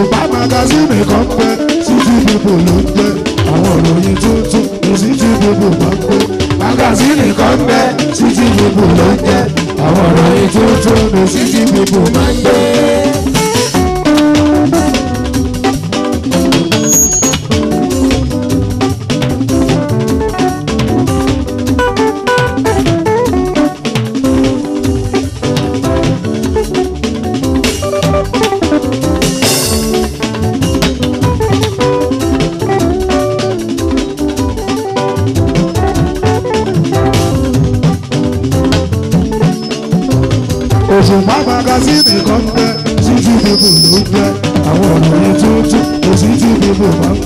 òṣùpá magazine kan pẹ́ City People ló ń jẹ́ àwọn òròyìn tuntun ní City People máa ń kó. magazine kan pẹ́ City People ló ń jẹ́ àwọn òròyìn tuntun ní City People máa ń gbé. magazine kan ń bẹ city people ló ń bẹ àwọn ọkùnrin tuntun kò city people máa ń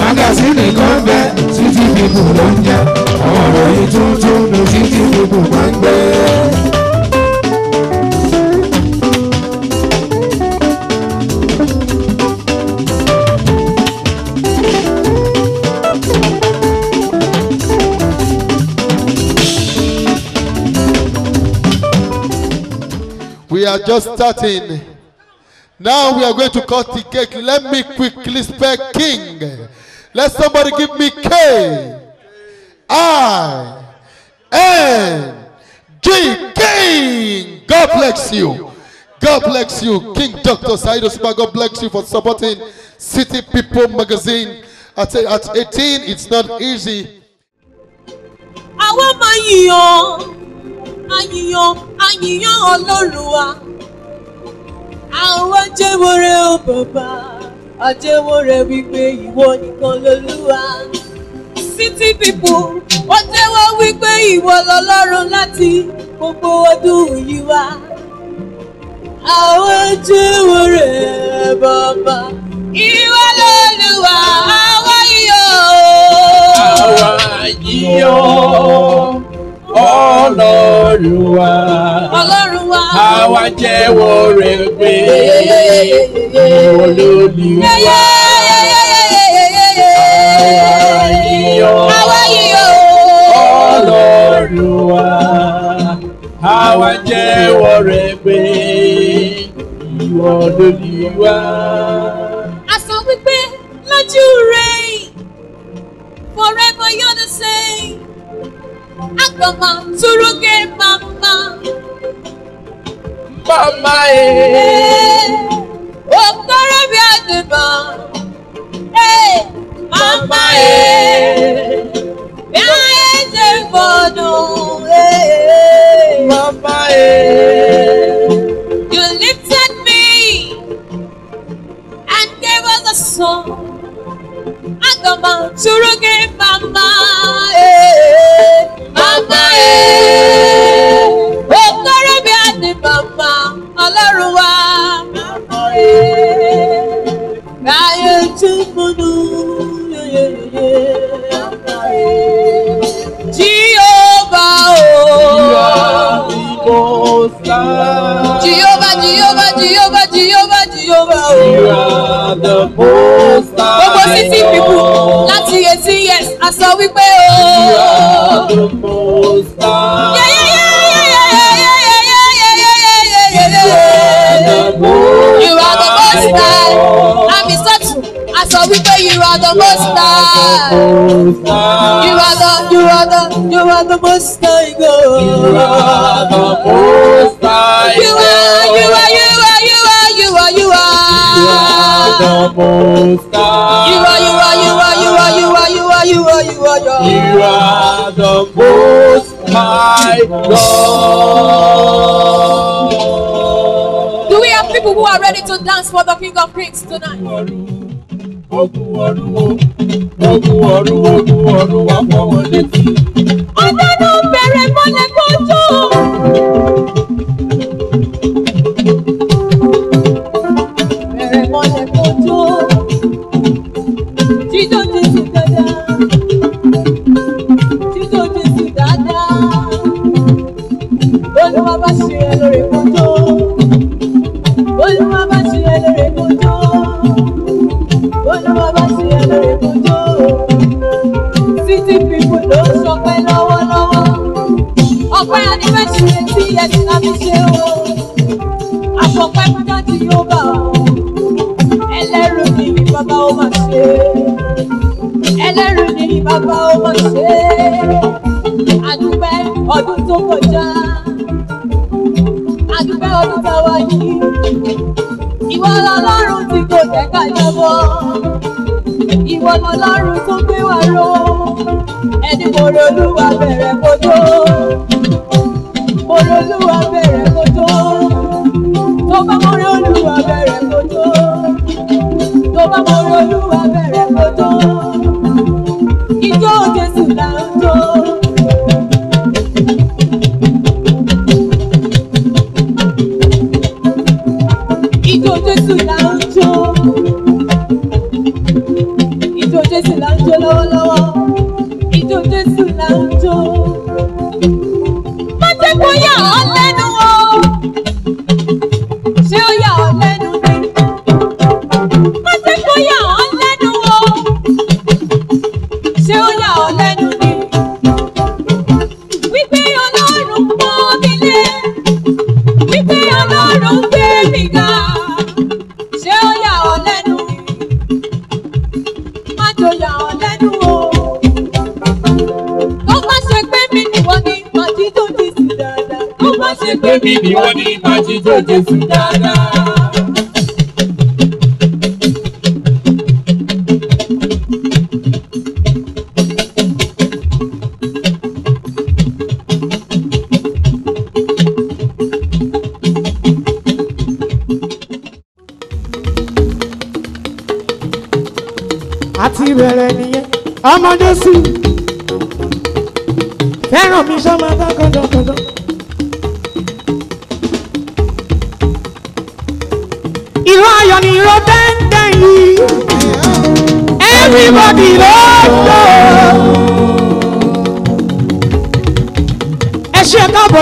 magazine kan ń bẹ city people ló ń jẹ àwọn ọkùnrin tuntun kò city people máa ń gbé. are just starting. Now we are going to cut the cake. Let me quickly spell king. Let somebody give me K. I. N. G. King. God bless you. God bless you. King Dr. Saido Super, God bless you for supporting City People Magazine. At, at 18, it's not easy. I want my young. àyìyàn àyìyàn ọlọ́run wa àwọn ajẹ́wọ́rẹ́ ó bàbá ajẹ́wọ́rẹ́ wípé ìwọ nìkan lolúwa city people wọ́n jẹ́wọ́ wípé ìwọ lọ́lọ́run láti gbogbo ọdún yìí wá àwọn ajẹ́wọ́rẹ́ bàbá ìwọ lolúwa àwa yìí o àwa ọlọ́rùwà ọlọ́rùwà àwa jẹ́wọ́ rẹ̀ pé olódùwà àwa yíyọ ọlọ́rùwà àwa jẹ́wọ́ rẹ̀ pé ìwọ olódùwà. a sọ wípé lójú rẹ̀ forever you're the same aga m mama mama ee okorobịa dị mma ee mama ee bịa eze mmadụ ee mama ee You lifted me and gave us a song aga m atụrụ gị mama ee eh, mama ee eh. okorobịa dị mama ọlọrụwa mama ee ka anyị tupu n'ụlọ ee Jehovah o. Oh coastline. Jehovah, Jehovah, Jehovah, Jehovah, Jehovah. Oh. the coastline. Gbogbo city people láti eighteen years, a sọ wípé o. Oh. You are the coastline. sọ wípé you are the most high. You are the you are the you are the most high God. You are the most high God. You are you are you are you are you are you are. You are the most high. You are you are you are you are you are you are you are you are you are the most high God. Do we have people who are ready to dance for the King of Kings tonight? ogun ọ̀rúnwó ogun ọ̀rúnwó ogun ọ̀rúnwó fọwọ́ létí. ọ̀dọ́ ló bẹ̀rẹ̀ mọ́lẹ̀ kó tó. fẹ́ẹ̀sì lè fi ẹ̀sìn láti ṣe o. Àfọ̀pẹ́ pátá tí yóò bá o. Ẹlẹ́rù ni mi bàbá ó máa ṣe. Ẹlẹ́rù ni mi bàbá ó máa ṣe. Àdúpẹ́ ọdún tó kọjá. Àdúpẹ́ ọdún tá a wá yìí. Ìwọ lọ́lọ́run tí kò jẹ́ ká jábọ́. Ìwọ lọ́lọ́run tó gbé wa ró. Ẹni mo ronú wa bẹ̀rẹ̀ kó tó. olólùwà bẹ́ẹ̀. ibi wọn ní ìbàjẹ́ jòjè sí dáadáa.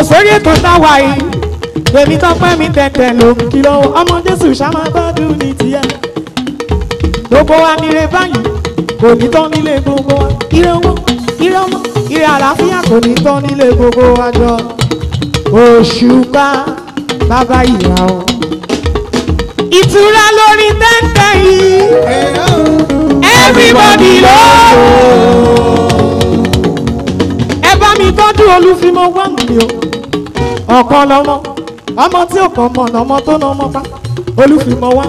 sórí ètò táwa yìí tèmi tọ́pẹ́ mi tẹ̀tẹ̀ ló ń kìlọ̀ ọmọ jésù ṣáma gbọ́dún ní tiẹ̀ gbogbo wa nílé báyìí kò ní tán nílé gbogbo wa ire owó ire ọmọ ire àlàáfíà kò ní tán nílé gbogbo wa jọ òṣùpá bàbá ìyá o ìtura lórí tẹ́tẹ́ yìí everybody ló ẹ bá mi tọ́jú olúfimọ́ wá mi o ọ̀kan lọ́mọ ọmọ tí ò mọ̀ ọmọ tó ná ọmọ pa olùfìmọ̀ wá.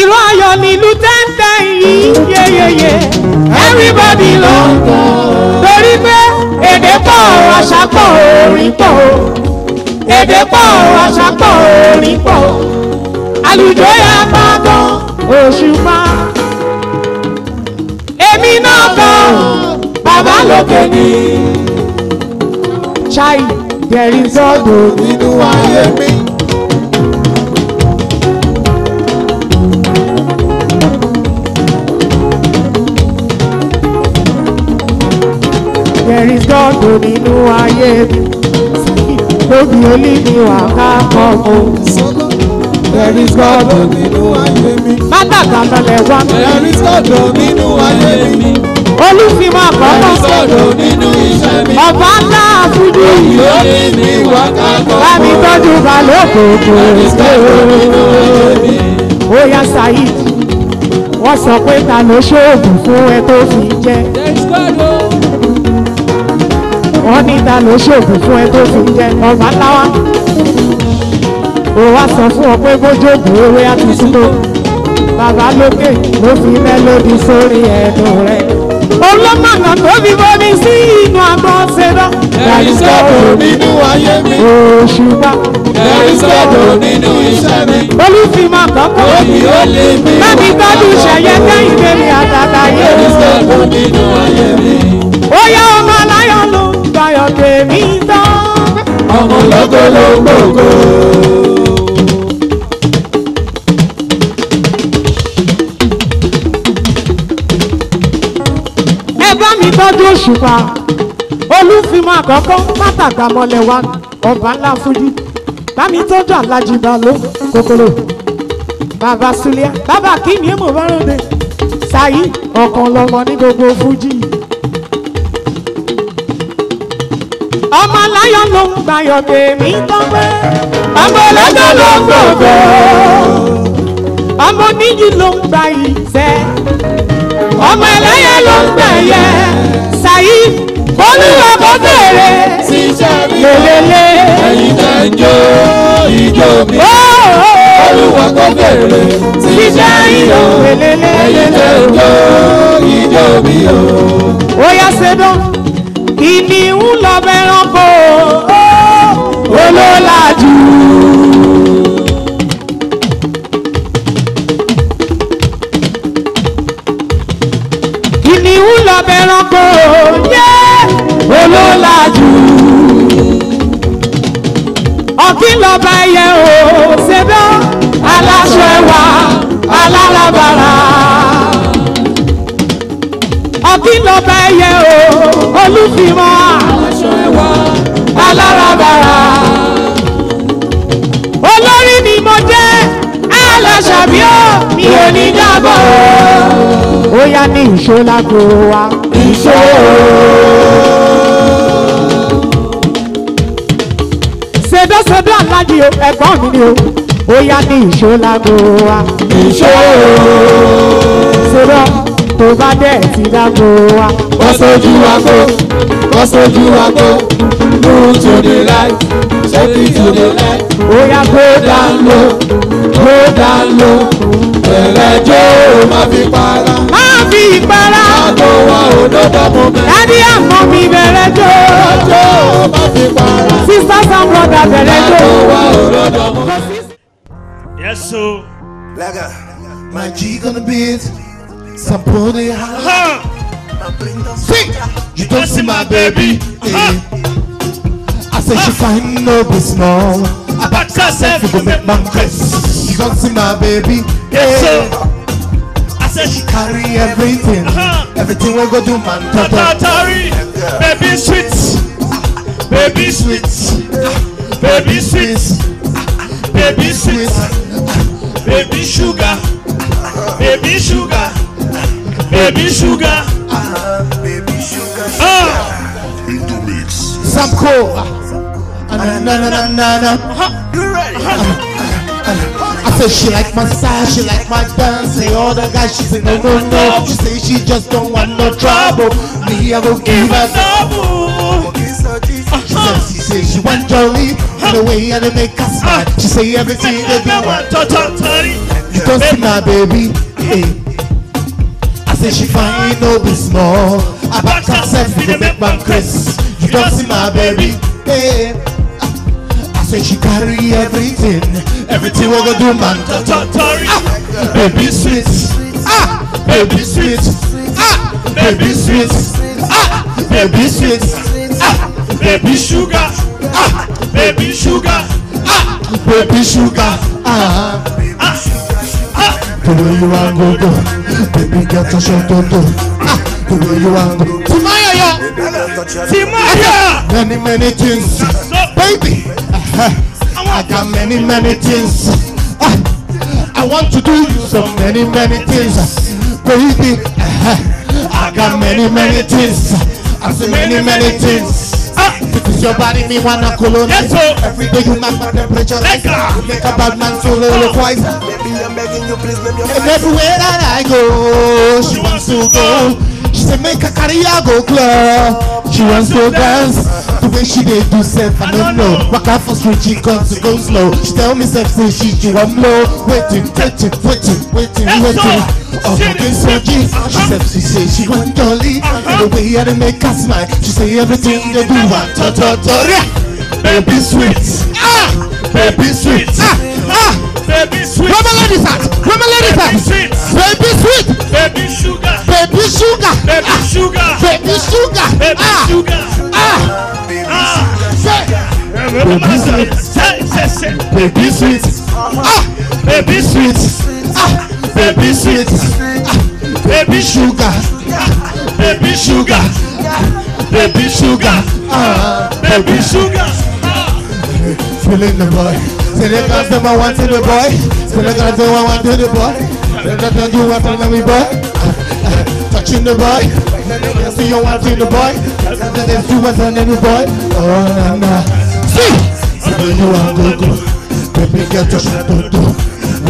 ìlú ayọ̀ ni ìlú tẹ́ńtẹ́ yìí yeyeye everybody ló ń kọ́ torí pé èdè pọ̀ àṣà pọ̀ orin pọ̀ èdè pọ̀ àṣà pọ̀ orin pọ̀ àlùjọ yà bá gan òṣùpá èmi náà gan bàbá lókè ni. Chai, there is ọdún nínú ayé mi. There is ọdún nínú ayé mi. Lóbi olí mi wà ká kọ́ mo. There is ọdún nínú ayé mi. Má dàgbà lọ lẹ̀ wá mi. There nínú ayé mi olùfimọ̀ kọ́kọ́ sọ̀rọ̀ nínú iṣẹ́ mi. ọba ńlá àfúdú yìí ó ní ní wákàtọ̀. bámi tọ́jú balókòókò ó yá saheed wọ́n sọ pé ta ló ṣoògùn fún ẹ tó fi jẹ́. wọ́n ní ta ló ṣoògùn fún ẹ tó fi jẹ́ ọba ńlá wa. ó wá sọ fún ọ pé bójú ògùn ewé àti súnmọ́ bàbá lókè ló fi mélòdì sórí ẹ̀dùn rẹ̀ olómọ̀nà tó fi bomi sí inú agbọ̀n ṣẹlẹ̀. ẹ̀rí sọ̀rọ̀ nínú ayé mi. òṣùpá. ẹ̀rí sọ̀rọ̀ nínú iṣẹ́ mi. olùfìmọ̀ kọ́kọ́. òbí ó lè mi. láti gbádùn ṣẹ̀yẹ kẹ́hìndé mi àtàtà yé. ẹ̀rí sọ̀rọ̀ nínú ayé mi. ó yá ọmọ aláyọ̀ ló ń gbàyọ̀ tèmi tán. ọmọ lọ́gọ́ ló ń gbòògò. òṣùpá olúfimọ àkọ́kọ́ látàgbà mọ́lẹ̀ wa ọba ńlá fújì bámi tó jà lájìbá ló kòkòrò bàbá sulia bàbá kí ni èmo bá ròde ṣayí ọ̀kan lọ́mọ ní gbogbo fújì. ọmọ láyọ̀ ló ń gbayọ̀ tèmi tọ́pẹ́ ọmọ lọ́jọ́ ló ń gbòògbò ọmọ níyì ló ń gba ìṣẹ́ ọmọ ẹlẹ́yẹ ló ń gbẹ̀yẹ. Àṣàyí olúwa kò béèrè lélele. ẹ̀yin náà ń jó ijó mi olúwa kò béèrè ṣíṣe iyọ̀ ẹ̀yin náà ń jó ijó mi o. ó yá ṣẹdán kìnìún lọ bẹ̀rẹ̀ kó olólà jù. ẹranko yé olólàjú. ọ̀kín lọ́ba ẹyẹ o ṣẹ̀dá aláṣọ ẹwà alárabàrà. ọ̀kín lọ́ba ẹyẹ o olúfìmọ́ aláṣọ ẹwà alárabàrà. olórí ni mo jẹ́ aláṣàbíọ́ mi ò ní dábọ̀ ó yá ní ìṣó lágbo wa. ìṣó ṣèdọ́ṣèdọ́ alájí o ẹ̀gbọ́n mi ni o ó yá ní ìṣó lágbo wa. ìṣó ṣèdọ́ tó bá dẹ̀ ti dágbo wa. wọ́n sojú wa kó wọ́n wa kó move to the right take to the left. ó yá go down low go down low ẹlẹ́jọ́ ò má fi para. má fi para. àgọ́ wa ò ló dọ́mọ bẹ́ẹ̀. dádì àmọ́ mi bẹ̀rẹ̀ jọ. ẹlẹ́jọ́ ò má fi para. sisters and brothers bẹ̀rẹ̀ jọ. àgọ́ wa ò ló dọ́mọ bẹ́ẹ̀. Yes, so. Like my G gonna beat somebody high. Huh. Eh. You don't see my baby. Huh. I say huh. she find no business. But I said you go make my dress. You don't see my baby. Yes, sir. I said she carry everything. Uh-huh. Everything we go do, man. Tatari, baby sweet, baby sweet, baby sweet, baby sweet, baby sugar, baby sugar, baby sugar, uh-huh. ah. baby sugar. Ah, into mix. Some cool. Na na na na na. Uh-huh. You ready? Said she like my style, she like my dance. Say all the guys she say no no no. She say she just don't want no trouble. Me I go give her double. She says she say she want jolly. The way I make her smile. She say everything they do. You don't see my baby. Hey. Eh. I say she fine, no be small. I back herself, you make my Chris. You don't see my baby. Hey. Eh. Say she carry everything. Everything we go do, man. Ah, baby sweet. Ah, baby sweet. Ah, baby sweet. Ah, baby sweet. Ah, baby sugar. Ah, baby sugar. Ah, baby sugar. Ah, ah, ah. the way you want go go, baby get a shot to do. Ah, the way you want go. Timaya, Timaya. Many many things, baby. I got many, many things. I want to do so many, many things. Baby, I got many, many things. I see many, many things. Because your body, me wanna colonize. Yes, Every day you knock my temperature. Like you make a bad man feel a little poison. Baby, I'm begging you, please let me. And everywhere that I go, she wants to go. She said, make a career go club. She wants to dance. The way she did do self, I don't know. Waka for street, she come to go slow. She tell me self, say she I'm low. Waiting, waiting, waiting, waiting, waiting. Oh, fucking swaggy. She uh-huh. sexy, she say she want Dolly. Uh-huh. The way I make her smile, she say everything they do, I ah, ta ta ta. baby sweet ah baby sweet ah ah baby sweet where my ladies at where my ladies at baby sweet baby sugar baby sugar baby ah! sugar baby sugar baby ah! sugar ah ah say baby sweet say say say baby sweet ah baby sweet ah baby sweet ah baby sugar baby sugar. baby sugar, ah, baby sugar. ah. Feeling the boy. Say the girls them I want to the boy. Say the girls them I want to the boy. Say the girls you want to me boy. Touching the boy. See you want to the boy. Say the you want to the boy. Oh na na. See. Say you want to go. Baby girl just want to do.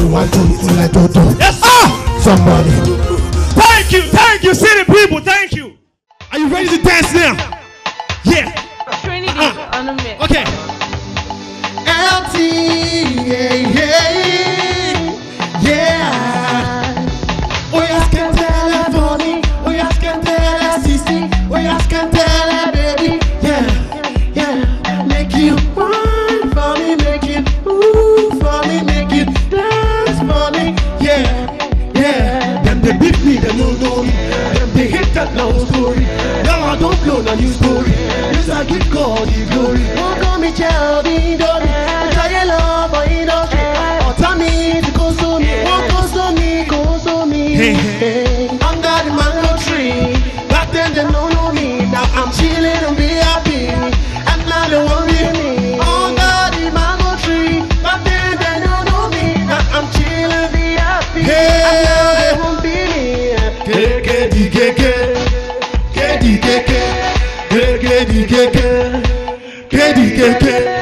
You want to do like to do. Yes. Ah. Somebody. Thank you, thank you, city people, thank you. Are you ready to dance now? Yeah. Trinity uh. on the mix. Okay. LT, yeah, yeah, yeah. Hoy has que te le boni, hoy has story. Now I don't blow, no new story. Yes, I give God the glory. Oh, call me Chelby, kékèké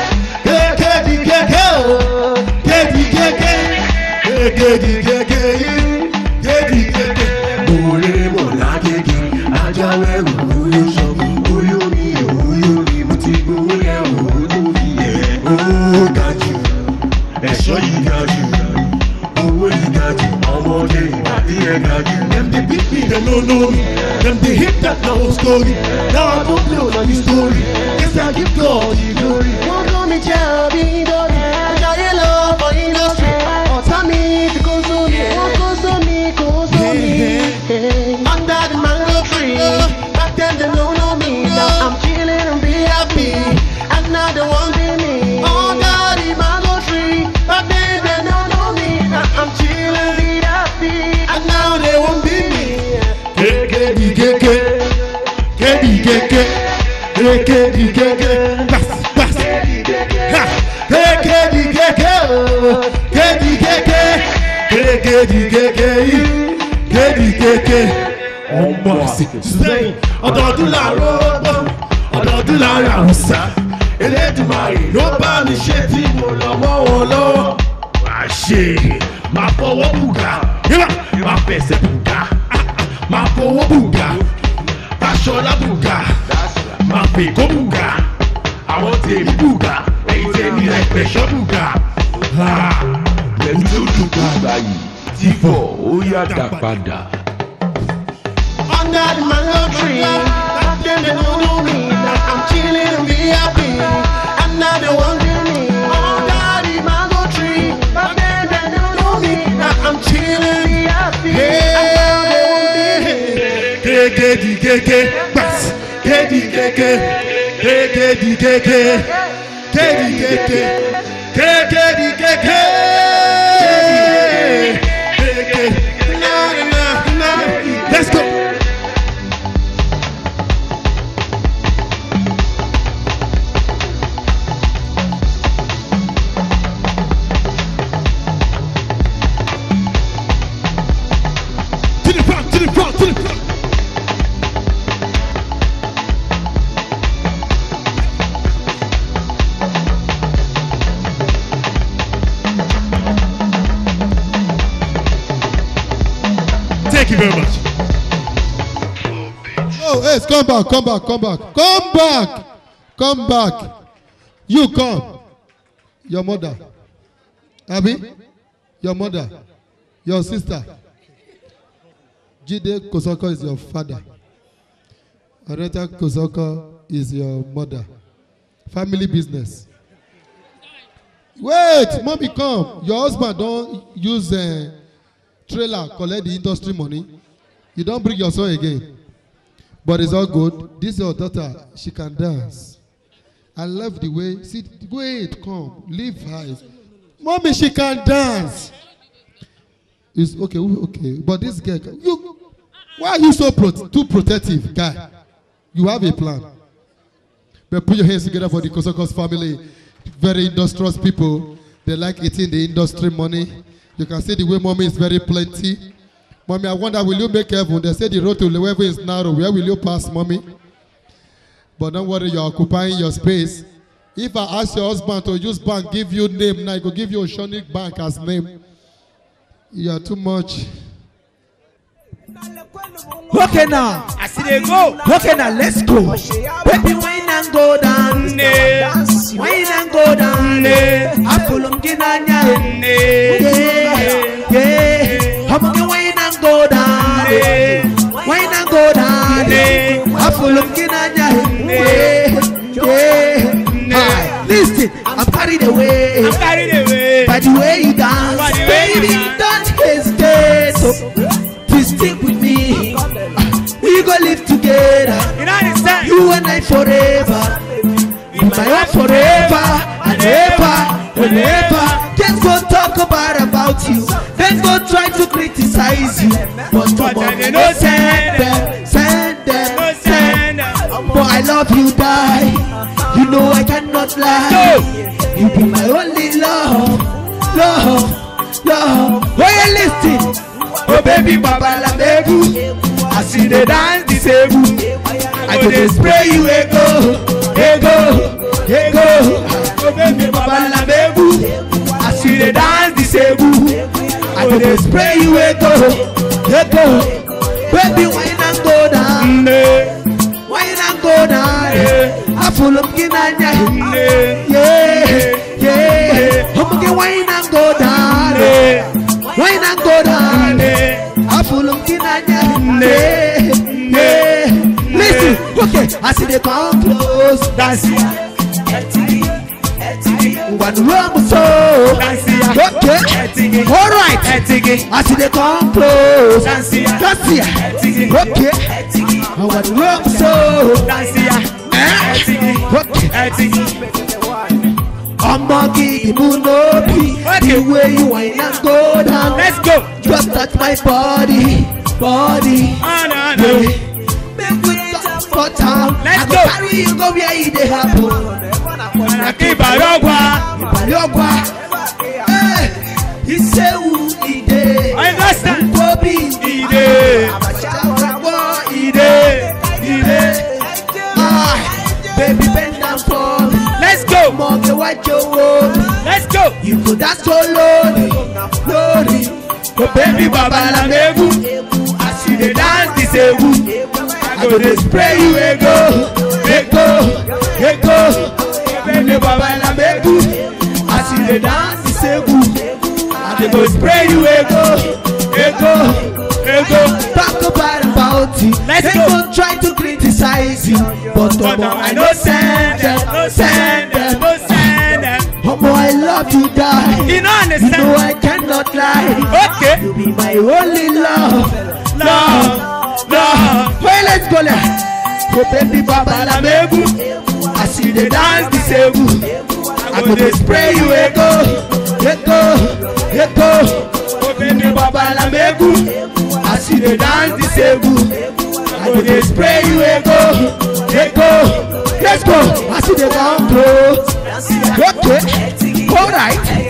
Now I story, I give God kéèké di kéèké gbàsà gbàsà ha kéèké di kéèké o kéèké kéèké kéèké di kéèké yìí kéèké kéèké ọmọ sẹ́yìn ọdọọdún làárọ̀ ọgbọ́n ọdọọdún làárọ̀ àwùsá elédùnmáyé ló bá mi ṣe tí mo lọ mọ́ wọn lọ́wọ́ máa ṣe máa fọwọ́ bùgà máa fẹsẹ̀ bùgà ah, ah. máa fọwọ́ bùgà aṣọ lábùgà máa pè kó bùgà àwọn tèmi bùgà ẹ̀yin tẹ̀mí ẹ̀pẹ̀ṣọ́ bùgà pẹ̀lú tó dùn bàbá yìí tí fọ̀ ó yá dà padà. Under my love tree, then they know me. Now I'm chilling and be happy. I'm not the one you need. Under my love tree, then they know me. Now I'm chilling and be happy. Yeah, yeah, yeah, yeah. Teddy Keke, Teddy Keke, Teddy Keke. Yes, come back, come back, come back. Come back. Come back. You come. Your mother. Abi? Your mother. Your sister. Jide Kosoko is your father. Areta Kosoko is your mother. Family business. Wait, mommy come. Your husband don't use uh, trailer collect the industry money. You don't bring your son again. But it's all good. This is your daughter. She can dance. I love the way. See, wait, come. Leave her. Mommy, she can dance. It's okay, okay. But this girl, you, why are you so pro too protective, guy? You have a plan. But put your hands together for the Kosokos family. Very industrious people. They like eating the industry money. You can see the way mommy is very plenty. Mommy, I wonder, will you be careful? They say the road to wherever is narrow. Where will you pass, mommy? But don't worry, you're occupying your space. If I ask your husband to use bank, give you name, now he go give you a shonik Bank as name. You are too much. Okay now. I see they go. Okay now, let's go. Baby, wine and go down. Eh. Wine and go down. Eh. Apulum ginanya. Eh. Yeah, yeah. go down. why not go down. I'm full looking at ya. Listen, I'm carried away. I'm carried away. By the way you dance, baby, don't hesitate. So, please stick with me. We gonna live together. You and I forever. my life forever and ever and ever. Just go talk bad about you, then go try to criticize you. But come on, no send them, send them, send them. But I love you, die. You know I cannot lie. You be my only love, love, love. Why you listening? Oh baby, Baba Lamebu, I see the dance disabled. I go dey spray you ego, ego ego obebe babala bebu as you dey dance this sebu. i go dey spray you ego ego baby wine and go down wine and go down afolo m gị yeah. ọmụ gị wine and go down wine and go down afolo m gị n'anya listen okay as you e dey come close dance. Wrong soul. Okay. All right. As they come close. That's here. Okay. Our wrong soul. Eh? Okay. ọmọ gidi mú lórí ìwé ìwà iná go down let's go just touch my body body oh, no, no. Yeah for town. I go carry you go where you dey happen. Ìbàdàn Ìbàdàn Ìbàdàn Ìsẹ́wù ìdè. Nkóbi ìdè. Àbàjá ọ̀ràgbọ́ ìdè. Ìdè. Ah, baby bend down for me. Let's go. Mo gbé wájú owó mi. Let's go. Ìgò dá so lórí lórí. Kò bẹ́ẹ̀ bí babaláwo ewu. As you dey dance this ewu go dey spray you ego ego ego ebene baba na megu as you dey dance segu i dey go spray you ego ego ego talk about about it they go try to criticize you but omo i no send dem no send dem no send dem omo i love to die you no understand cannot lie. Okay. You be my only love. Love. Love. Well, let's go there. Go baby baba la mebu. I see the dance this ebu. I go dey spray you ego. Ego. Ego. Go baby baba la mebu. I see the dance this ebu. I go dey spray you ego. Ego. Let's go. I see the bomb bro. Okay. All right.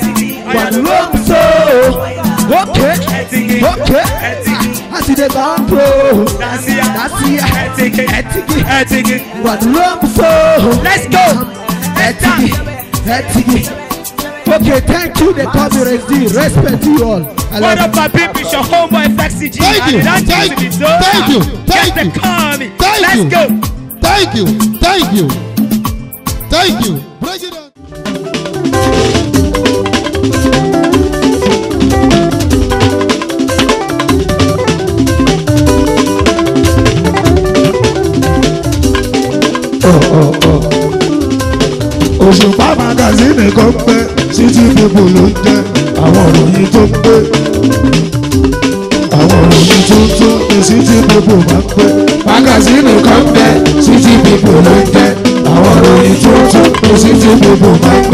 One love òkè òkè láti dé bá ń bò láti ẹtìkì ẹtìkì wà ló ń go, ẹtìkì ẹtìkì. Okay, thank you. They call me Rezi. Respect you all. I what up, my people? It's your homeboy Flexi G. Thank you. Thank you. Thank you. Thank you. Thank you. Thank you. Thank you. Thank you. President. Òṣùpá magazine kan pẹ́ títí pépò ló ń jẹ́ àwọn òròyìn tó ń pé. Àwọn òròyìn tó ń tó ní títí pépò máa ń pé. Magazine kan pẹ́ títí pépò ló ń jẹ́ àwọn òròyìn tó ń tó ní títí pépò máa ń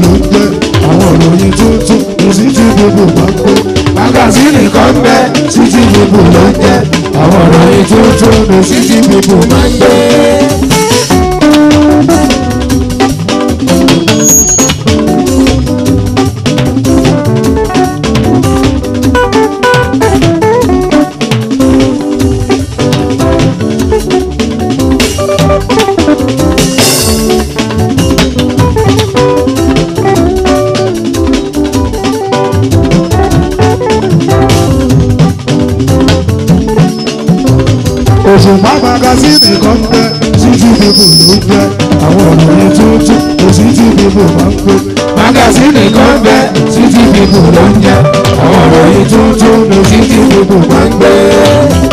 ló ń pẹ́ àwọn òròyìn tuntun mo sì ti gbogbo gbàgbọ́. magazine kan bẹ́ sí ti gbogbo ló ń jẹ́ àwọn òròyìn tuntun mo sì ti gbogbo máa ń gbé. magazine nìkan ń bẹ city people ló ń bẹ àwọn ọkùnrin tuntun kò city people máa ń pè. magazine nìkan ń bẹ city people ló ń jẹ àwọn ọkùnrin tuntun kò city people máa ń gbé.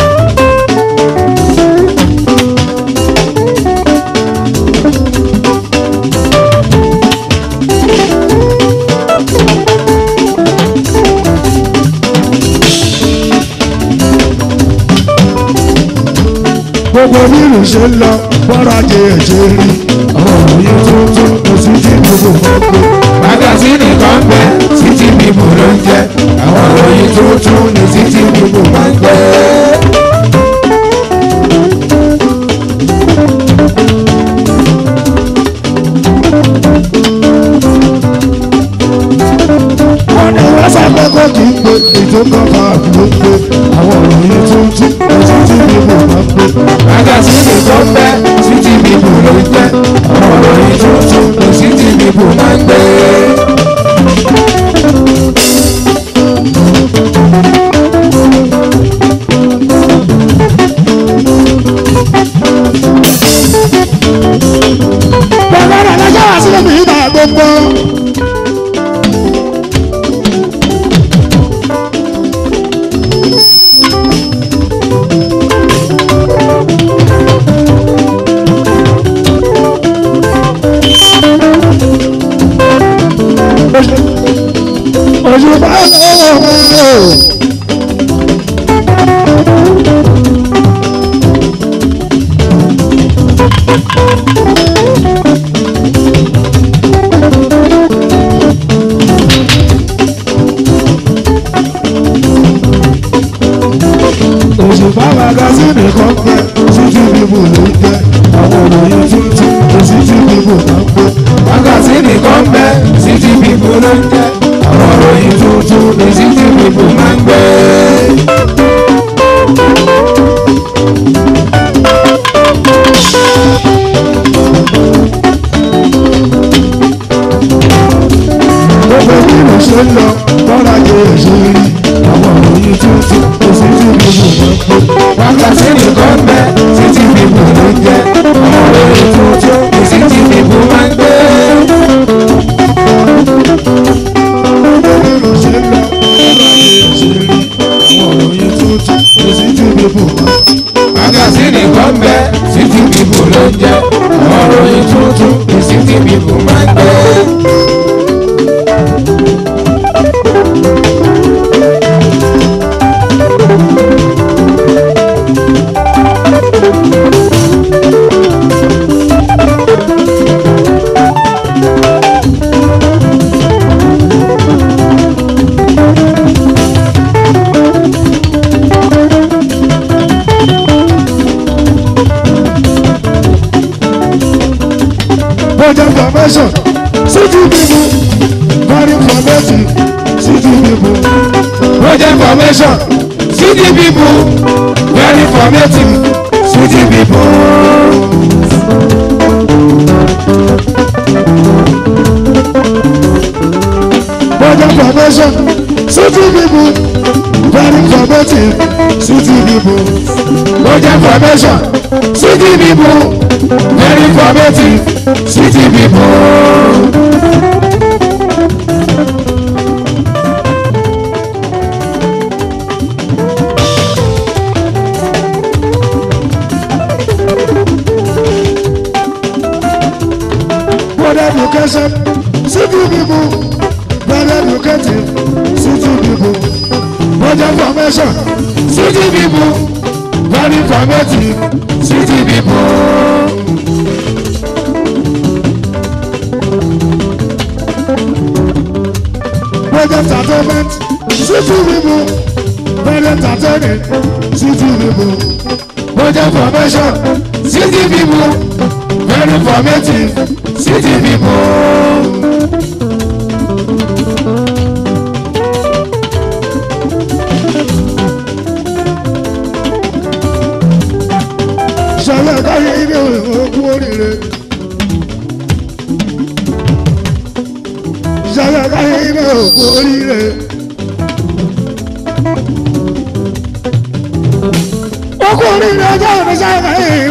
gbogbo rírù ṣe ń lọ bọ́rọ̀ ajé ẹ̀jẹ̀ rí ọ̀rọ̀ mi tuntun kò sí ti gbogbo gbogbo. magasíìnì kan bẹ títí mi mò ló ń jẹ àwọn òròyìn tuntun ní títí gbogbo máa sọ pé kò kí n pé ètò kan bá ló ń pé àwọn ọ̀rọ̀ yìí tún ti pé títí mi mò ń pé. àga sí ni tó pẹ́ títí mi mò ń pẹ́ àwọn ọ̀rọ̀ yìí tún ti pé títí mi mò ń pé. nation city people foreign information. city people project formation city people very information. city people. Project formation, city people very informative city people project information city people very informative city people. education, city people, nation city people learning from native city people. Project attainment city people project attainment city people project formation city people very formative city people. oríire. ó oríire ọjọ́ ìrẹsẹ̀ rẹ̀.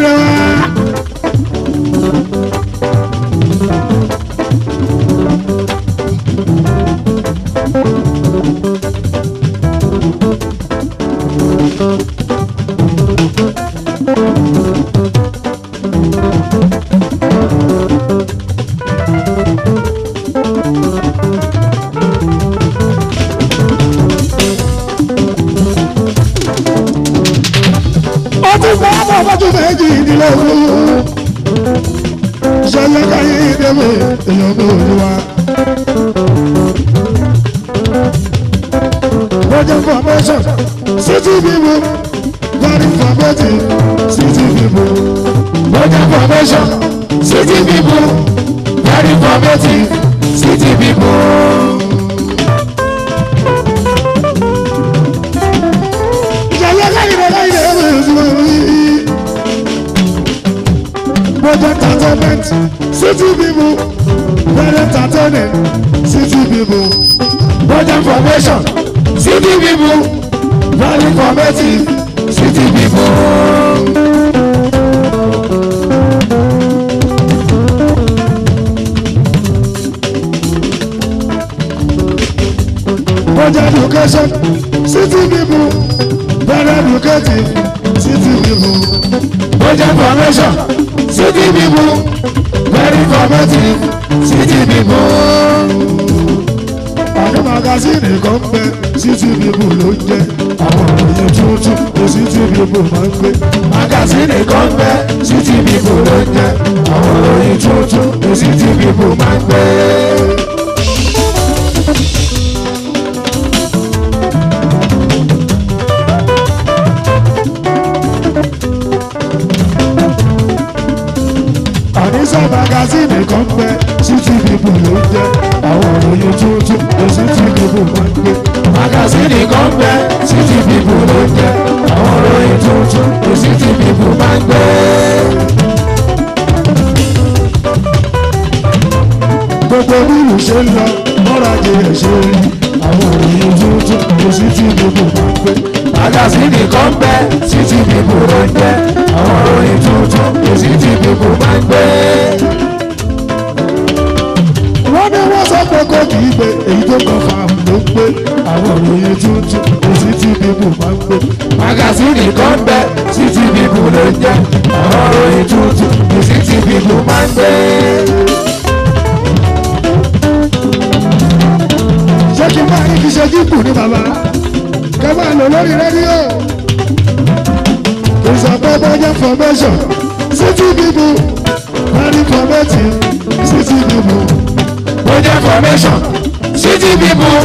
city people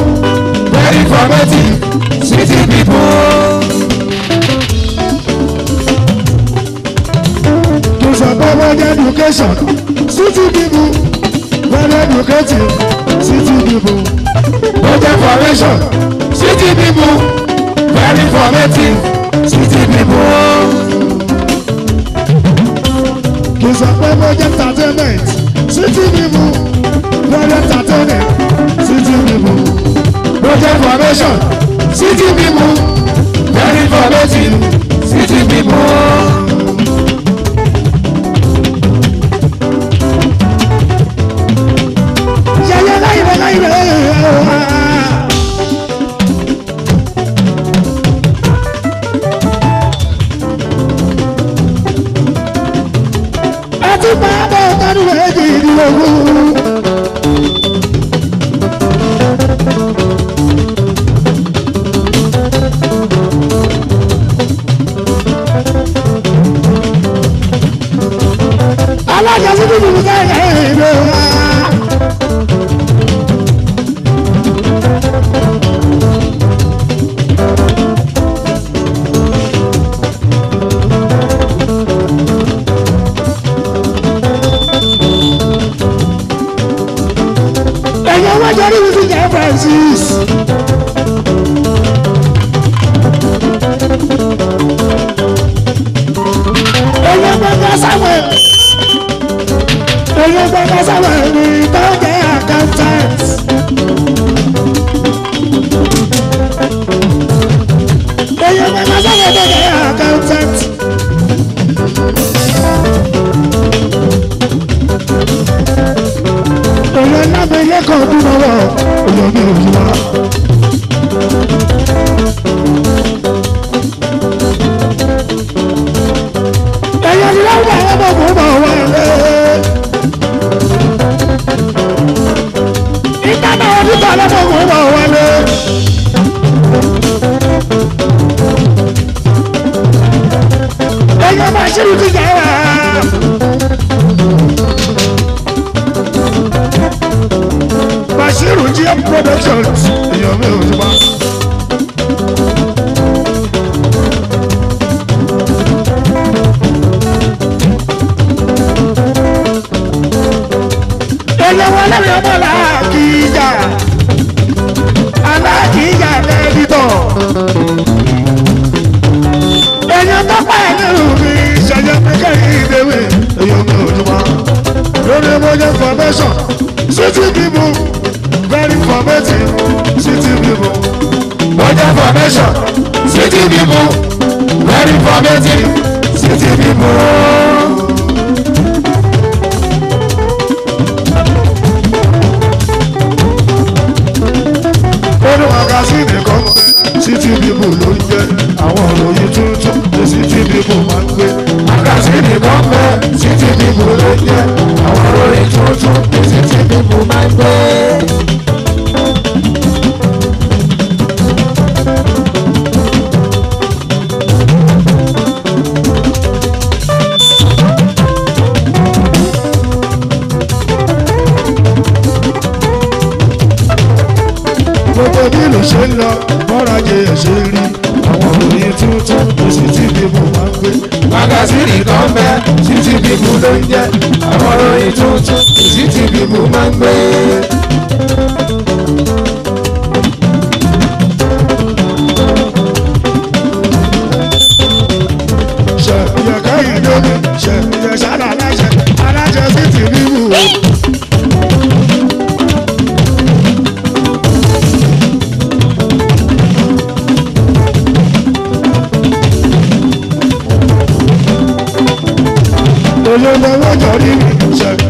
very informative city people. to support my education city people very educative city people. world information city people very informative city people. to support world entertainment city people very entertaining city people project formation city people very informative city people. olólùwọ́ jọ rí mi ṣe.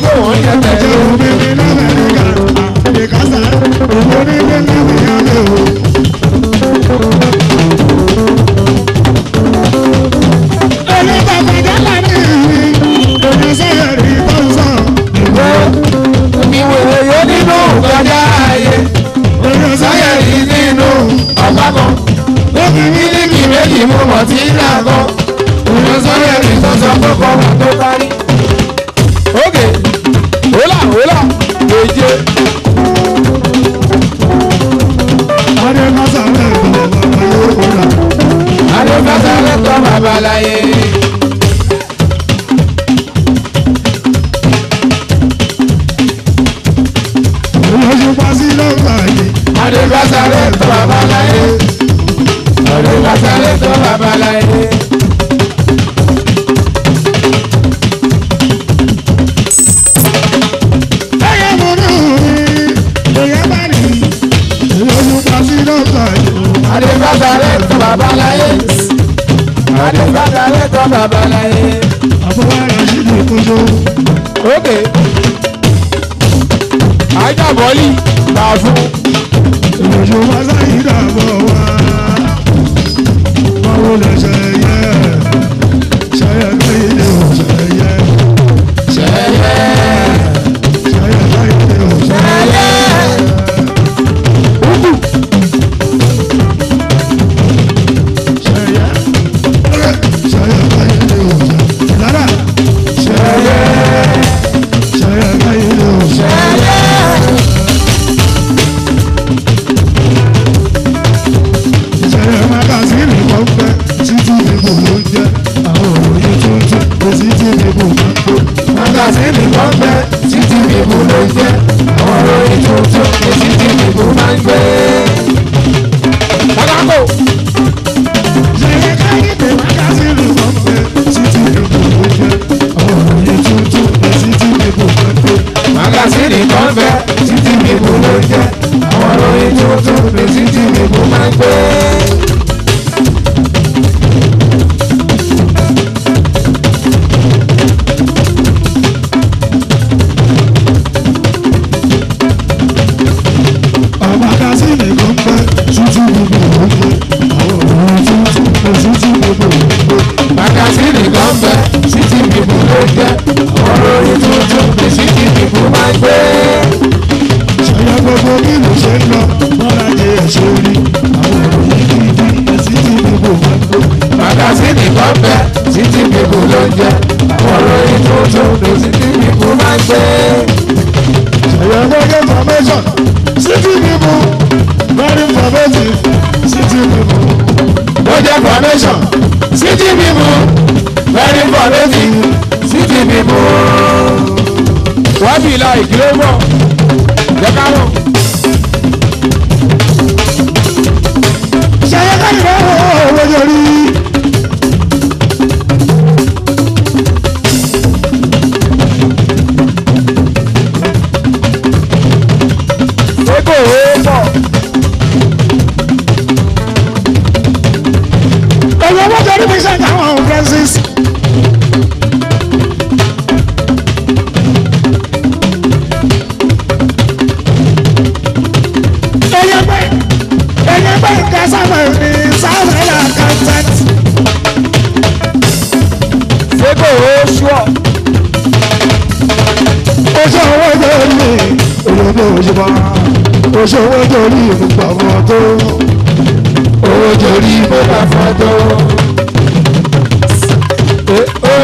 gbogbo wọn yẹ bẹ.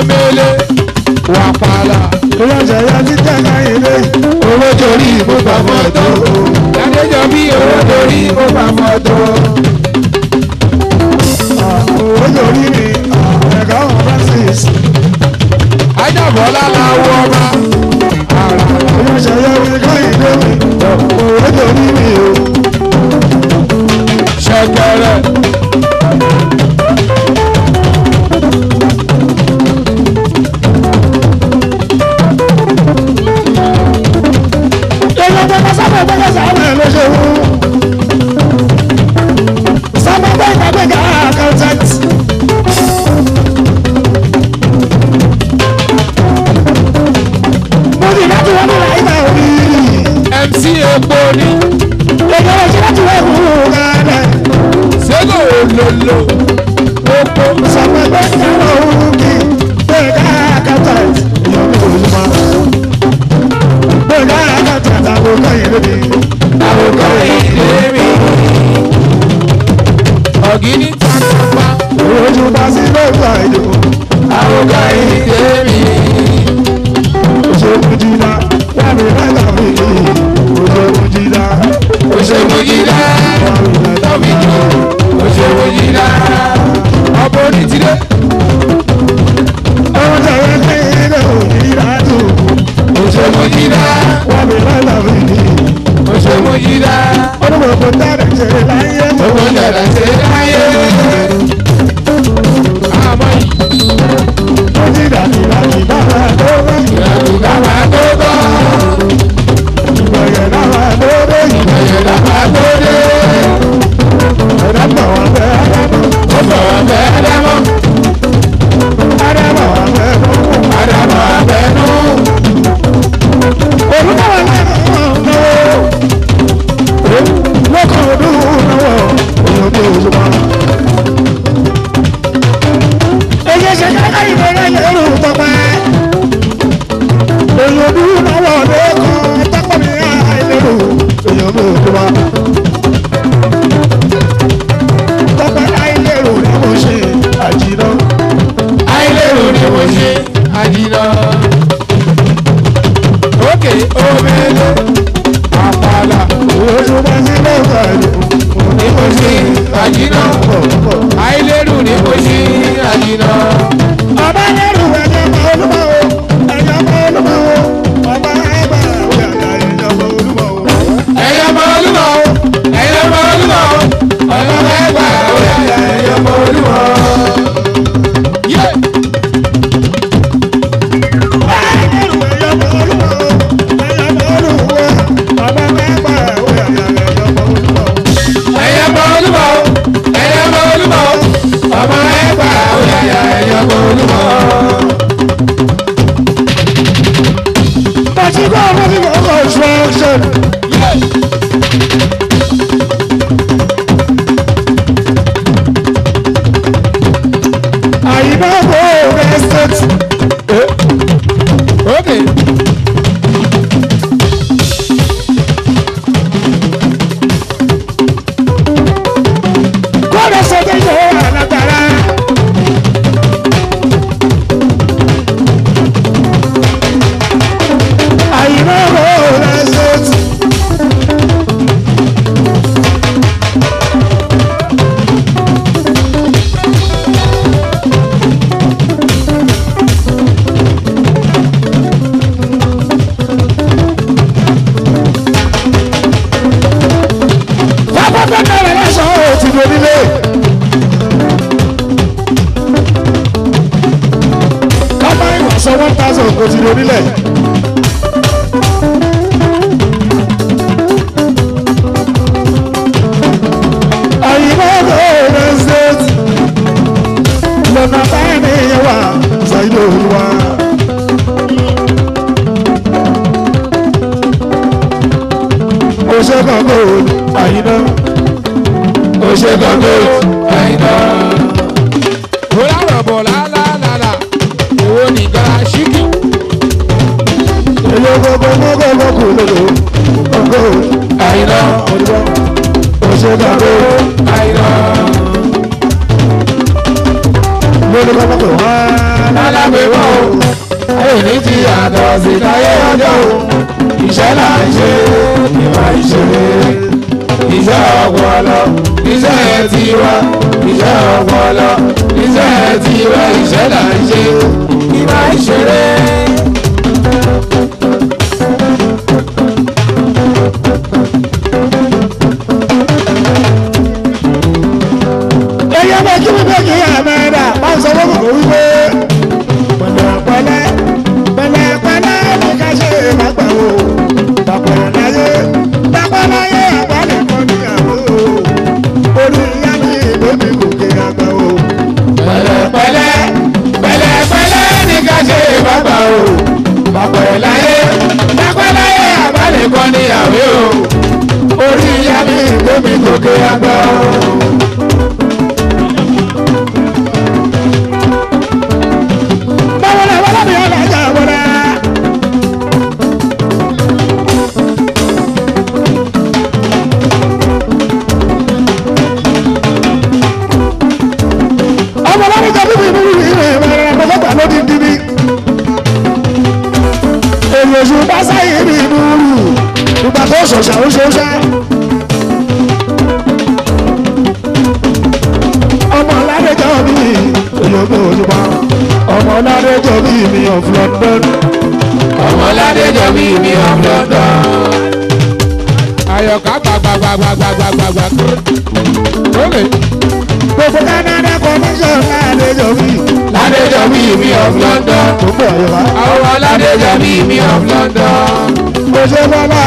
omele wàpàlà. ìrọ̀jẹ̀ yọ sí tẹ̀ka ilé. owó torí ìbò pamọ́ tó. ìyàdéjọ bí owó torí ìbò pamọ́ tó. owó torí mi ẹ̀ka ọ̀hún Francis. ajábọ̀lá la wọ ọba. ìrọ̀jẹ̀ yọ sí tẹ̀ka ilé. owó torí mi o. ṣẹ̀kẹ̀rẹ̀. mo ti dorílẹ̀. àyìnbó lóore ṣéètì lọ́nà báyìí ni ìyẹn wà ṣáyé olúwa. òṣèkàn gold àyìnbó òṣèkàn gold. tiwa iṣẹ́ ọpọlọ iṣẹ́ tiwa iṣẹ́ là ń ṣe ìmọ̀ ìṣeré. la la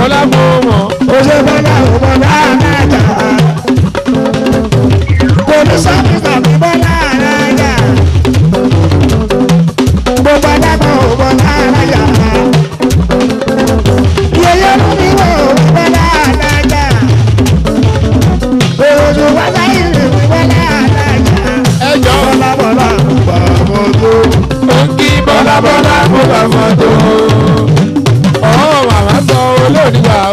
bọ́lá mo mọ̀. ó ṣe bọ́lá ó bọ́lá alájà. kò ní sọ́ọ̀tì sọ̀tì bọ́lá alájà. mo bọ́lá mo bọ́lá alájà. yẹyẹ mú mi wọ̀ ó bọ́lá alájà. òòlù bọ́lá ìlú mi bọ́lá alájà. ẹjọ́ bọ́lá bọ́lá mo bá mọ́tò. ó ń kí bọ́lá bọ́lá mo bá mọ́tò náà nígbà.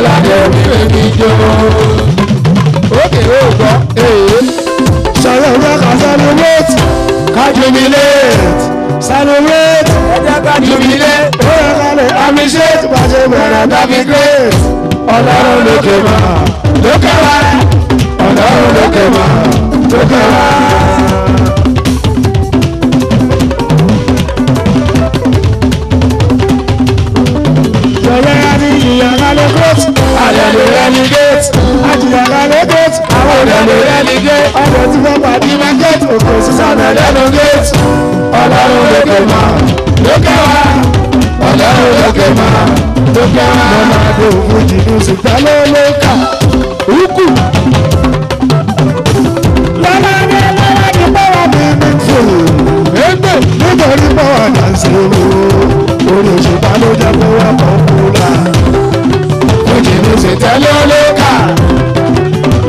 aládé onílé mi jó. Òkè ó gbọ́ èyí. Sọ̀rọ̀ ọ̀gá kan celebrate, ká jubilate, celebrate, ẹ̀jẹ̀ ká jubilate. Ó yẹ ká lè appreciate bàjẹ́ bẹ̀rẹ̀ tàbí grace. Ọlọ́run lókè máa lókè wá. Ọlọ́run lókè máa lókè wá. àdẹ̀lẹ̀ renegate àjìyànà legate àwọn òdẹ̀lẹ̀ renegate ọ̀dọ̀ tí wọ́n pàdé market òkè sísànà lẹ́nu gate ọlọ́run lókè mọ́ lókè wá ọlọ́run lókè mọ́ lókè wá. mo máa dé òun jìnnú ṣùgbọ́n ló ló kà úkù. lọ́lá ní lọ́lá ní bọ́wọ́ mi ní tòun ẹgbẹ́ nítorí bọ́wọ́ náà ṣe é orí òṣùpá ló jẹ́ kó wá pọ̀ kúrò náà tún ṣe tẹ́lẹ̀ olóka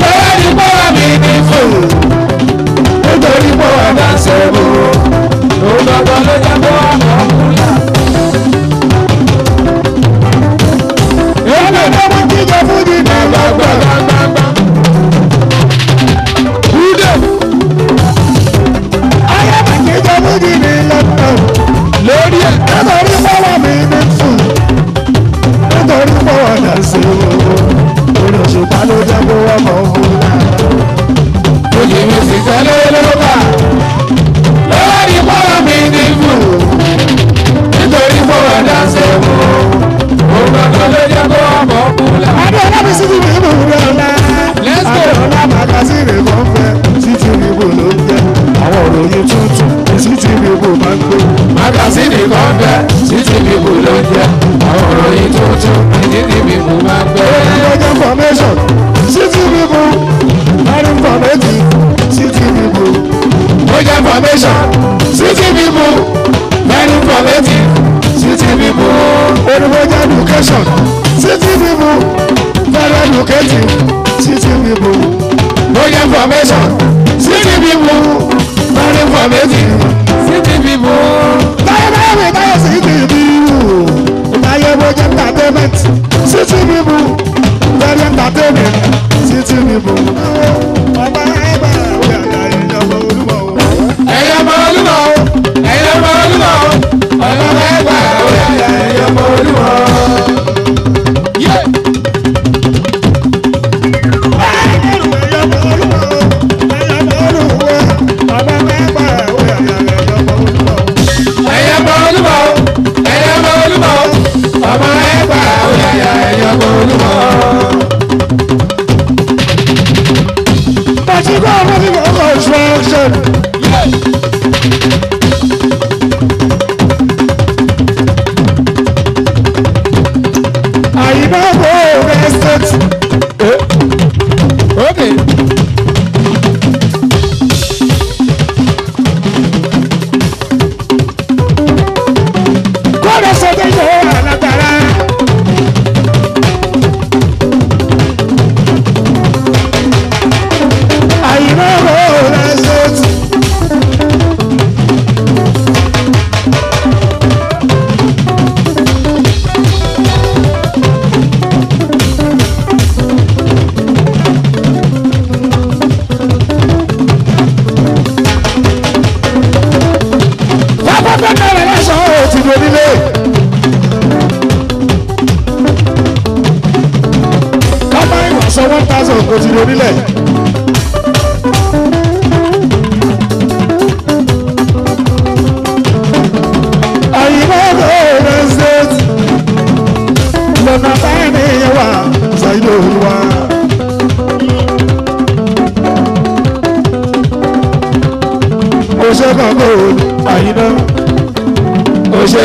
lọ́wọ́ ní bọ́wọ́ mi ní fún un nítorí bọ́wọ́ bá ṣe mú un lọ́dọ̀ ló jábọ́. náà sí bàtà sí nìkan bẹ́ẹ̀ títí bíbu ló jẹ́ àwọn òròyìn tuntun títí bíbu máa gbẹ́. olùdókòjọ formation títí bíbu marine formation títí bíbu. olùdókòjọ formation títí bíbu marine formation títí bíbu. olùdókòjọ education títí bíbu federal education títí bíbu. olùdókòjọ formation títí bíbu marine formation. entertainment, city people, very entertaining, city people.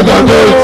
Hallelujah.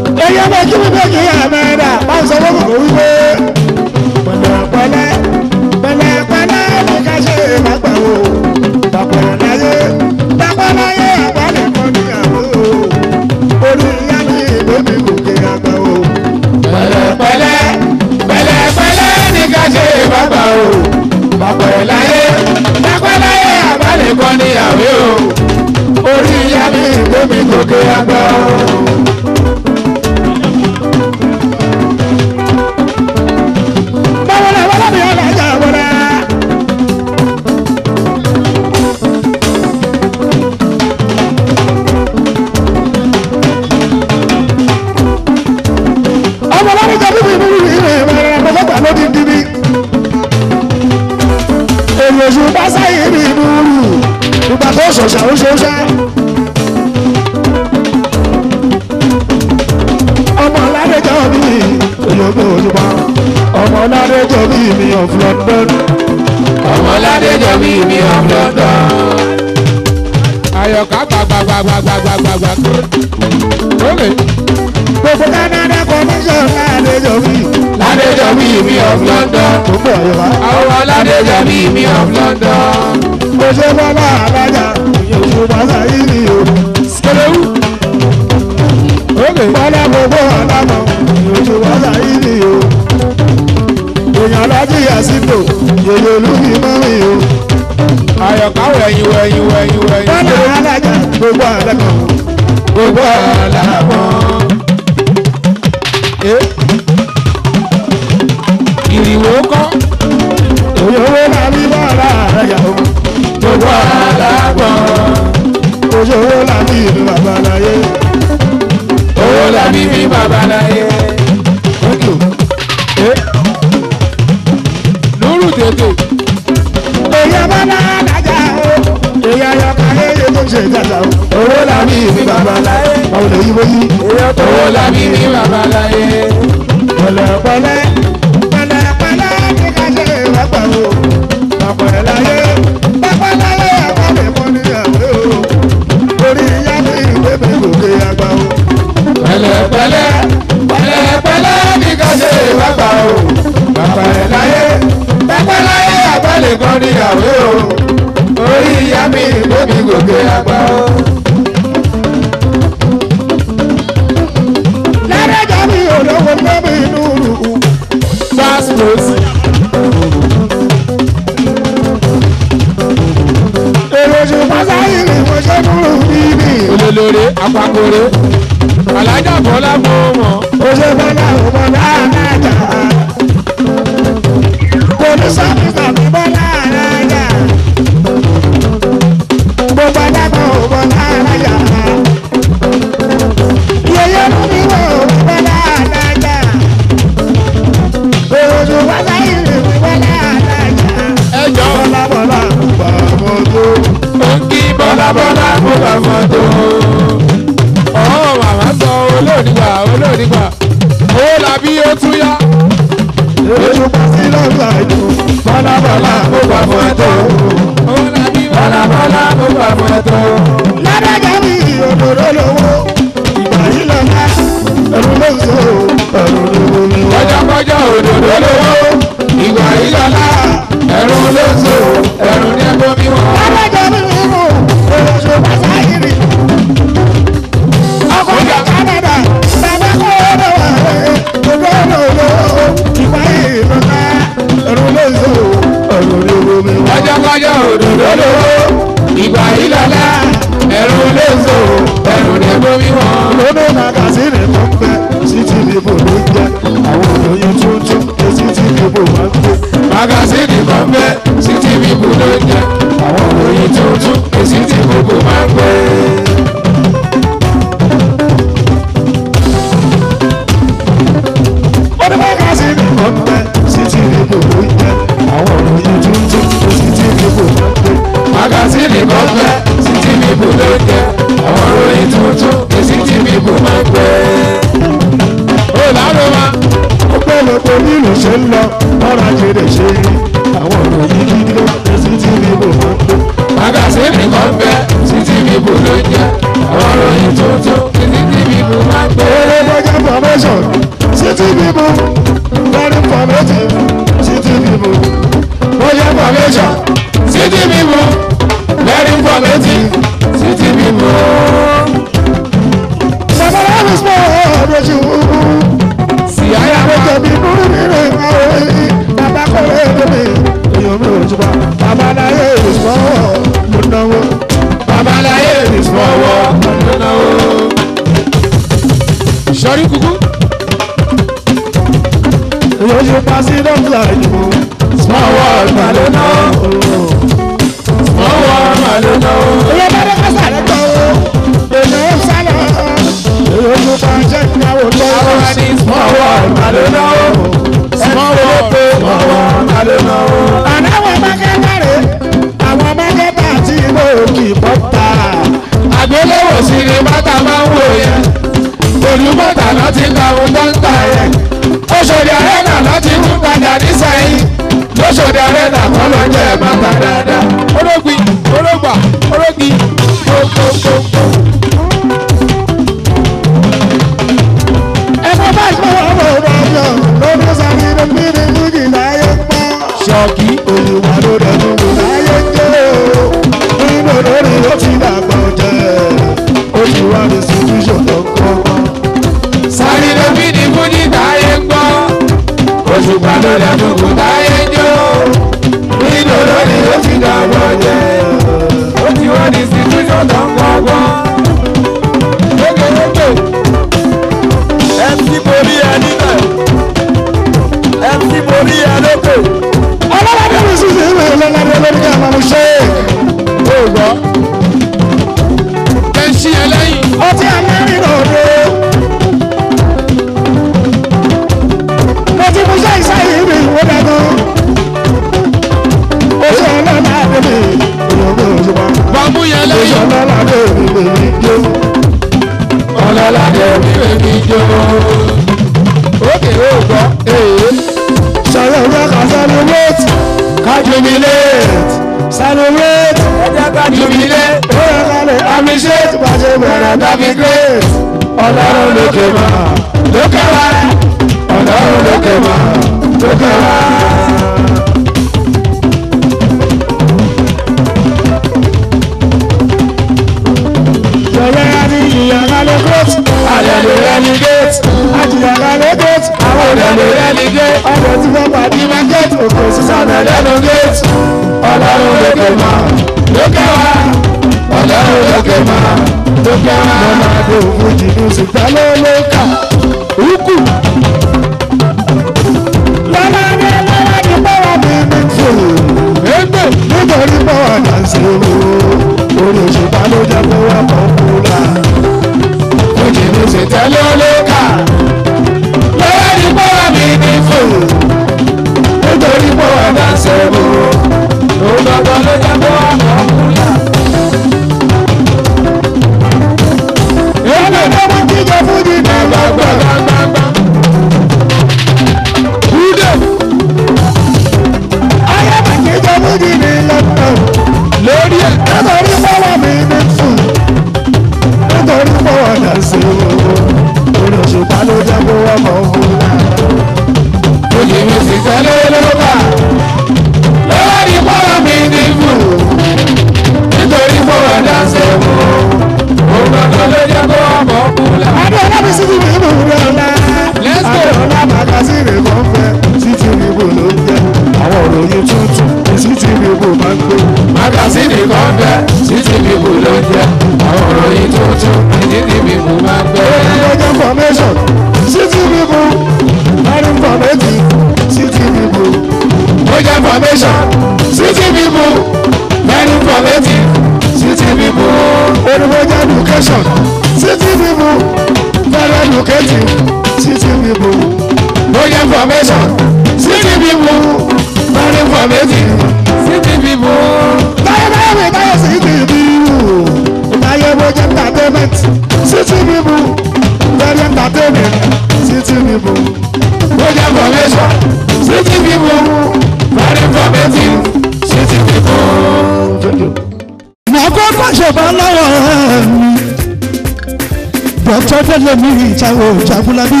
mi ìta òjàgúnlábí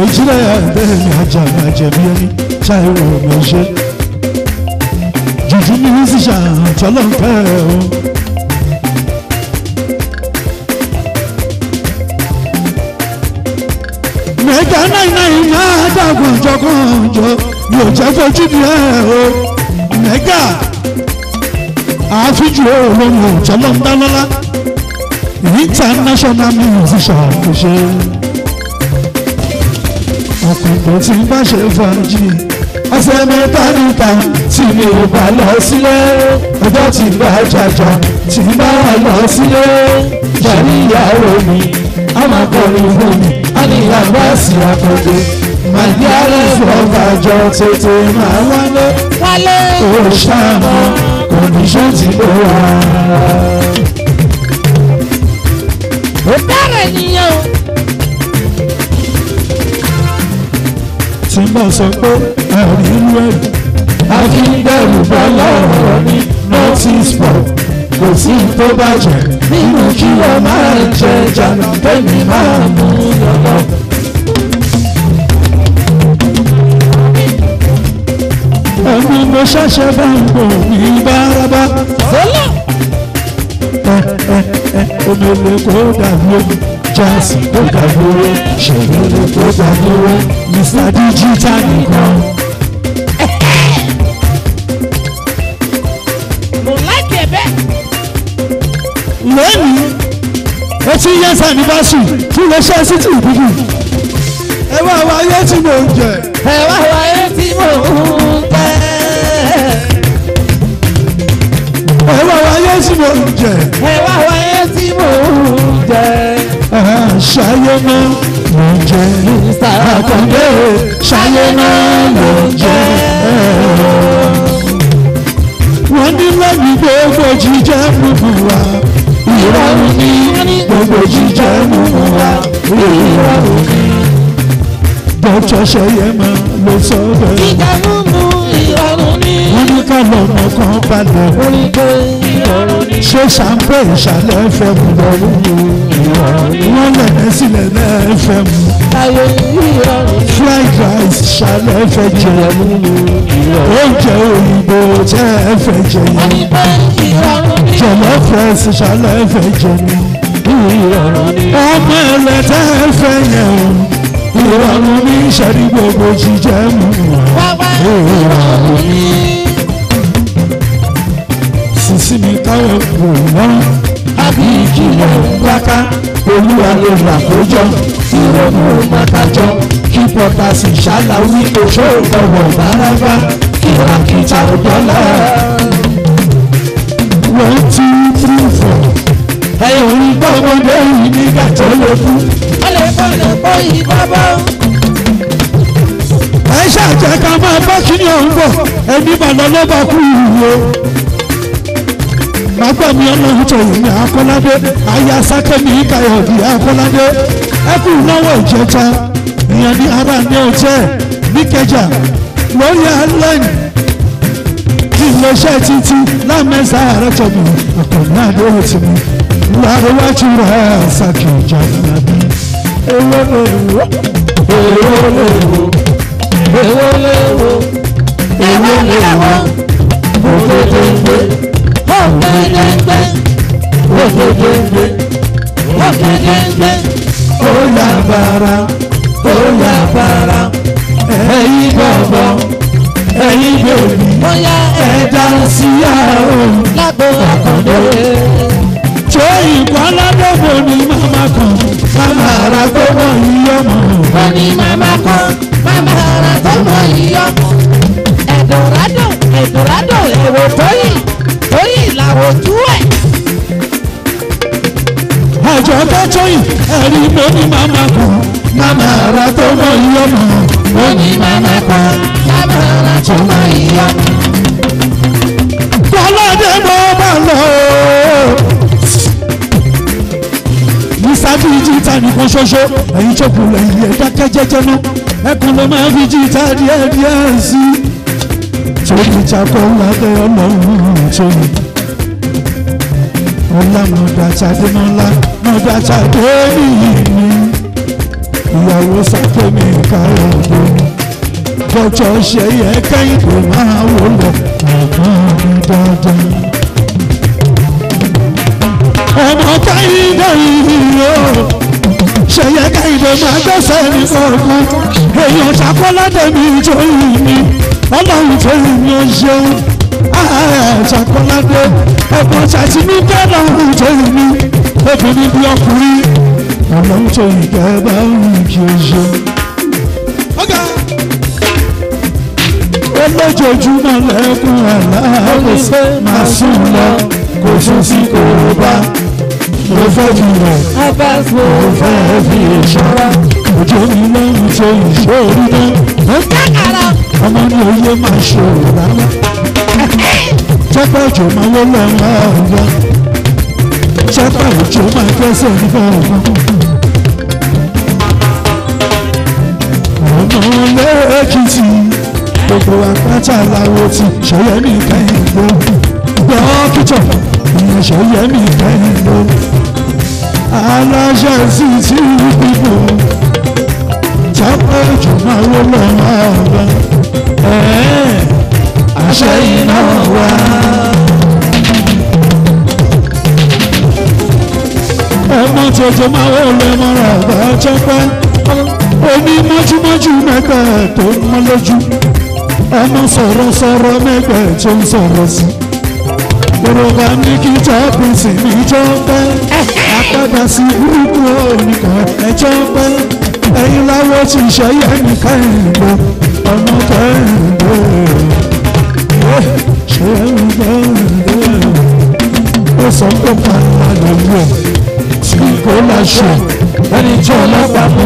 òjìlẹ̀ bẹ́ẹ̀ ni ajá máa jẹ̀bi ẹni táìrò mẹ́ṣẹ́ jùjú ní sísà tọ́lọ́pẹ́ o. mẹ́ta náì náì máa dàgbọ̀n jọkànjọ mi fojú mi ẹ̀ o mẹ́gà àáfíjú òòlù ọ̀tọ́lọ́ńdánlọ́lá international musician kò ṣe. ọ̀pọ̀lọpọ̀ tí bá ṣe fàájì ọ̀sẹ̀ mẹ́ta níta tí mi ò bá lọ sílé ọjọ́ tí bá jàjà tí bá wà lọ sílé jàrí ìyàwó mi a máa mi a ní ìyàwó àsì àkọ́dé màdí àrùn ọ̀bàjọ́ tètè máa wálé kò ṣàmọ́ kò ní ṣe ti lò wá ó dára ènìyàn o. tí n bá sọ pé àrírú ẹ̀rù akíndẹ̀rù bá lọ́rọ̀ ní northeast port kò sí tó bàjẹ́ nínú kí ọ máa jẹ jàǹdà tẹ̀mí máa mú yọ̀lọ̀. ẹ̀mí mo ṣẹ̀ṣẹ̀ bá ń bò ní bárabá omi olóko dàbí omi jásì tó dàbí owó ṣèlú olóko dàbí owó Mr Digital nìkan. mo láìpẹ́ bẹ́ẹ̀. lónìí ó ti yẹ sani bá sùn kí lè ṣe sí ti ìdíjú. ẹ wá wá ayé tí mò ń jẹ. ẹ wá wá ayé tí mò ń tẹ. ẹ wá wá ayé tí mò ń jẹ. ẹ wá wá ayé tí mò ń jẹ. ṣayé náà ló ń jẹ. Mr. Akande ṣayé náà ló ń jẹ. wọ́n ní lẹ́yìn gbogbo jíjẹ́ mímu wa. ìrọ̀rùn ní gbogbo jíjẹ́ mímu wa. ìrọ̀rùn ní. Dọ́jọ́ ṣẹyẹ máa lọ sọ́dọ̀. Jíjẹ mímu ìrọ̀rùn ní. Wọ́n ní ká lọ́mọ kan balẹ̀. Orí pé ìrọ̀rùn ṣé ṣàǹpẹ̀ ìṣàlẹ̀ fẹ́ mu lọ́wọ́ wọ́n lẹ̀lẹ́ sílẹ̀ lẹ́ẹ̀ fẹ́ mu fried rice ṣàlẹ̀ fẹ́ jẹ oúnjẹ òyìnbó tẹ́ ẹ fẹ́ jẹ jọ̀lọ́ fẹ́ẹ́sì ṣàlẹ̀ fẹ́ jẹ ọmọ ẹlẹ́tẹ́ fẹ́ yẹ̀ o ìrọ̀rùn ní ìṣẹ́rí gbogbo jíjẹ́ mu ìrọ̀rùn ní sí mi táwọn kò mọ́ àbí ìkìlọ̀ pátá olúwa ló là kójọ tí wọ́n mú bàtàjọ kí pọ́tà sì ṣàlàyé oṣó ìtọ̀wọ̀ bárabá kí àkìtà dọ́là. one two three four ẹ̀yìn orí gbọ́mọdé yìí nígbà tó lè kú. wọ́n lè fọ́nà pọ́ yìí bábá ẹ ṣáà ká máa bá kíní ọ̀hún bọ̀ ẹni mà lọ́ba kú ìwúwo agbami ọlọ́run ní akọ́ládé aya sákẹ́mi káyọ̀dé akọ́ládé ẹkú náwó ìjẹta ìyẹn ní ara ní ọjẹ́ níkẹjà lórí airline iléeṣẹ́ títí lámẹ́sà àrẹ́tọ̀mù ọ̀pọ̀ náà ló ń tì mí láríwájú rẹ̀ ṣàkì ìjà nàbí. ewé lèwo ewé lèwo ewé lèwo ewé lèwo òfófó ń gbé ògèdèǹgbè ògèdèǹgbè ògèdèǹgbè òyàbàrà òyàbàrà ẹ̀yin bọ̀bọ̀ ẹ̀yin bèbí ẹ̀dá síyá o lákòókò ṣé ìkọ́ aládọ́gbò ni màmá kan màmá ara tó mọ̀ yí ọmọ. wọ́n ní màmá kan màmá ara tó mọ̀ yí ọmọ. ẹ̀dọ̀rádò ẹ̀dọ̀rádò èrò tó yìí tóyìn làwòjú ẹ̀. àjọ tó tóyìn ẹ̀rí mo ní màmá kan màmá ara tó mọ ìyọmọ mo ní màmá kan màmá ara tó mọ ìyọmọ. bọ́lọ́dé mo bá lọ. ìsájú ìjìta nìkan ṣoṣo ẹ̀yin tó kù lẹ́yìn ẹ̀dákẹ́ jẹ́jẹ́ náà ẹkùn ló máa fi jìta díẹ̀ sí i òtítàkọ́ lábẹ́ ọlọ́run tó ní. ọlá mọ̀dàjáde mọ́lá mọ̀dàjáde nìyí ni ìyàwó mi kárọ̀ òdo bọ́jọ́ ṣe yẹ kẹ́hìndé máa wò lọ màmá mi dáadáa. ọmọ kẹ́hìndé yìí o ṣẹyẹ káyìnbó máa gbẹ́sẹ̀ ní kọ̀ọ̀kan èèyàn ṣàkóládé mi ìjọ yìí ni ọlọ́run tó yẹ ní ọṣẹun àtàkọ́ládé ẹ̀gbọ́n ṣàti ní kẹ́lọ́run tó yẹ ní obìnrin bí ọkùnrin ọlọ́run tó yẹ kẹ́ẹ́bá òun kì í ṣe. olójoojúmọ́ lẹ́kùn aláàbò máa sùn lọ kò sùn sí kòròbá mo fẹ́ fi rẹ̀ mo fẹ́ fi ìṣọ́ra òjò mi lẹ́yìn tó ìṣòro náà ọmọ ní oyé máa ṣòro lálẹ́ jẹ́pẹ́ òjò máa wó lọ́wọ́ ọ̀gá jẹ́pẹ́ òjò máa kẹ́sẹ̀ nígbà ọ̀gá. ọmọ lẹ́ẹ̀kìtì gbogbo apáta làwọ̀ tí ṣọyẹ́mí kẹ́hìn ló gbọ́ kíjọ ìyẹn ṣọyẹ́mí kẹ́hìn ló aláṣẹ sí ti rí bíbọ̀ jẹ́pẹ́ òjò máa wó lọ́wọ́ ọ̀gá àṣẹ iná wá. ẹmọ tuntun máa wọ lẹmọ rẹ bá jẹpẹ omi mọ́júmọ́jú mẹ́gbẹ́ tó ń mọ́ lójú ẹmọ sọ̀rọ̀sọ̀rọ̀ mẹ́gbẹ́ tó ń sọ̀rọ̀ sí i yorùbá ní kí jọ́bù sì ní jọ́pẹ́ àpàdà sí burúkú oníkan ẹjọ́ pẹ́ ẹ̀yin láwọ́ ti ṣẹ́yẹ́ nìkan ìgbò sọ pé pàápàá lòwò tí kò láṣọ ẹni tí ọlọ́pàá mú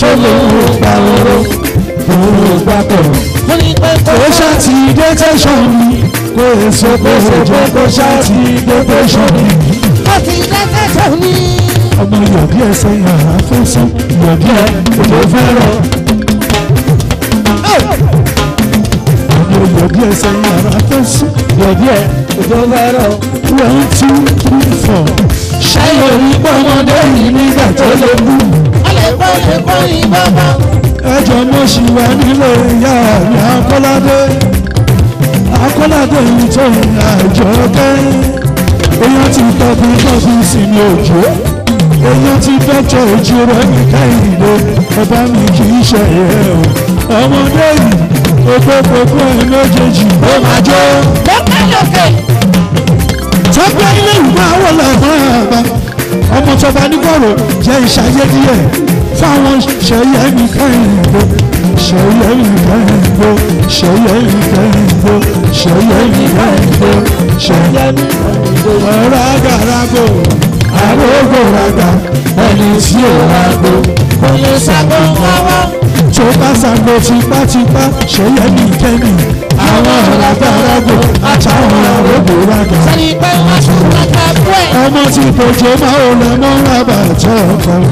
tó lè wò pa oró òun gbà tọ̀rọ̀. kò ṣáàtì dé tẹ̀sán mi kò èso kò èjọ kò ṣáàtì dé tẹ̀sán mi. kò sì dé tẹ̀sán mi. ọmọ yọ̀bí ẹsẹ̀ yàrá fún sí yọ̀bí ẹ̀ òjò fẹ́ràn. díẹ̀ sẹ́yìn ara tó sí. Yọ̀ díẹ̀ òjò fẹ́ràn. One two three four. Ṣáyọ̀ onígbọ́ ọmọdé yìí nígbà tó lè bú. Ọlẹ́kọ́ ọlẹ́kọ́ yìí bàbá. Ẹjọ́ mo ṣì wà nílò ìyá mi Akọ́ládé. Akọ́ládé yìí tó ń àjọ kẹ́. Oyún ti tọ́bi tọ́bi sí ní òjò. Oyún ti dọ́jọ́ ojú rẹ̀ nìkan ìdílé. Ẹ bá mi kì í ṣe ẹ̀ o. Ọmọdé yìí. Òfò fòfò ẹ̀ méjèèjì ó máa jó. Mo pẹ́ lókè. Sọ́pẹ́ ilé ìgbà wò lọ́gbọ́n àgbà. Ọmọ tọba nígbọ̀rọ̀ jẹ́ ìṣayé díẹ̀. Fáwọn ṣẹ̀yẹ́ nìkan ìbò. Ṣẹ̀yẹ́ nìkan ìbò. Ṣẹ̀yẹ́ nìkan ìbò. Ṣẹ̀yẹ́ nìkan ìbò. Ṣẹ̀yẹ́ nìkan ìbò. Ọ̀rọ̀ àgàràgò. Àgógò ràgà. Ẹni tí ò ràgò. Kò lè ṣàgbọ́n wáwá ṣòkásà ló tipátipá ṣẹyẹ ní kẹ́mi àwọn ọ̀làgbàràgbò àtàwọn àrògbò ràgà. sẹ́ni pé wọ́n ṣe kàkà fún ẹ̀. ọmọ tí kò jẹ́ máa ò lè mọ́ rábà tó ọkàn.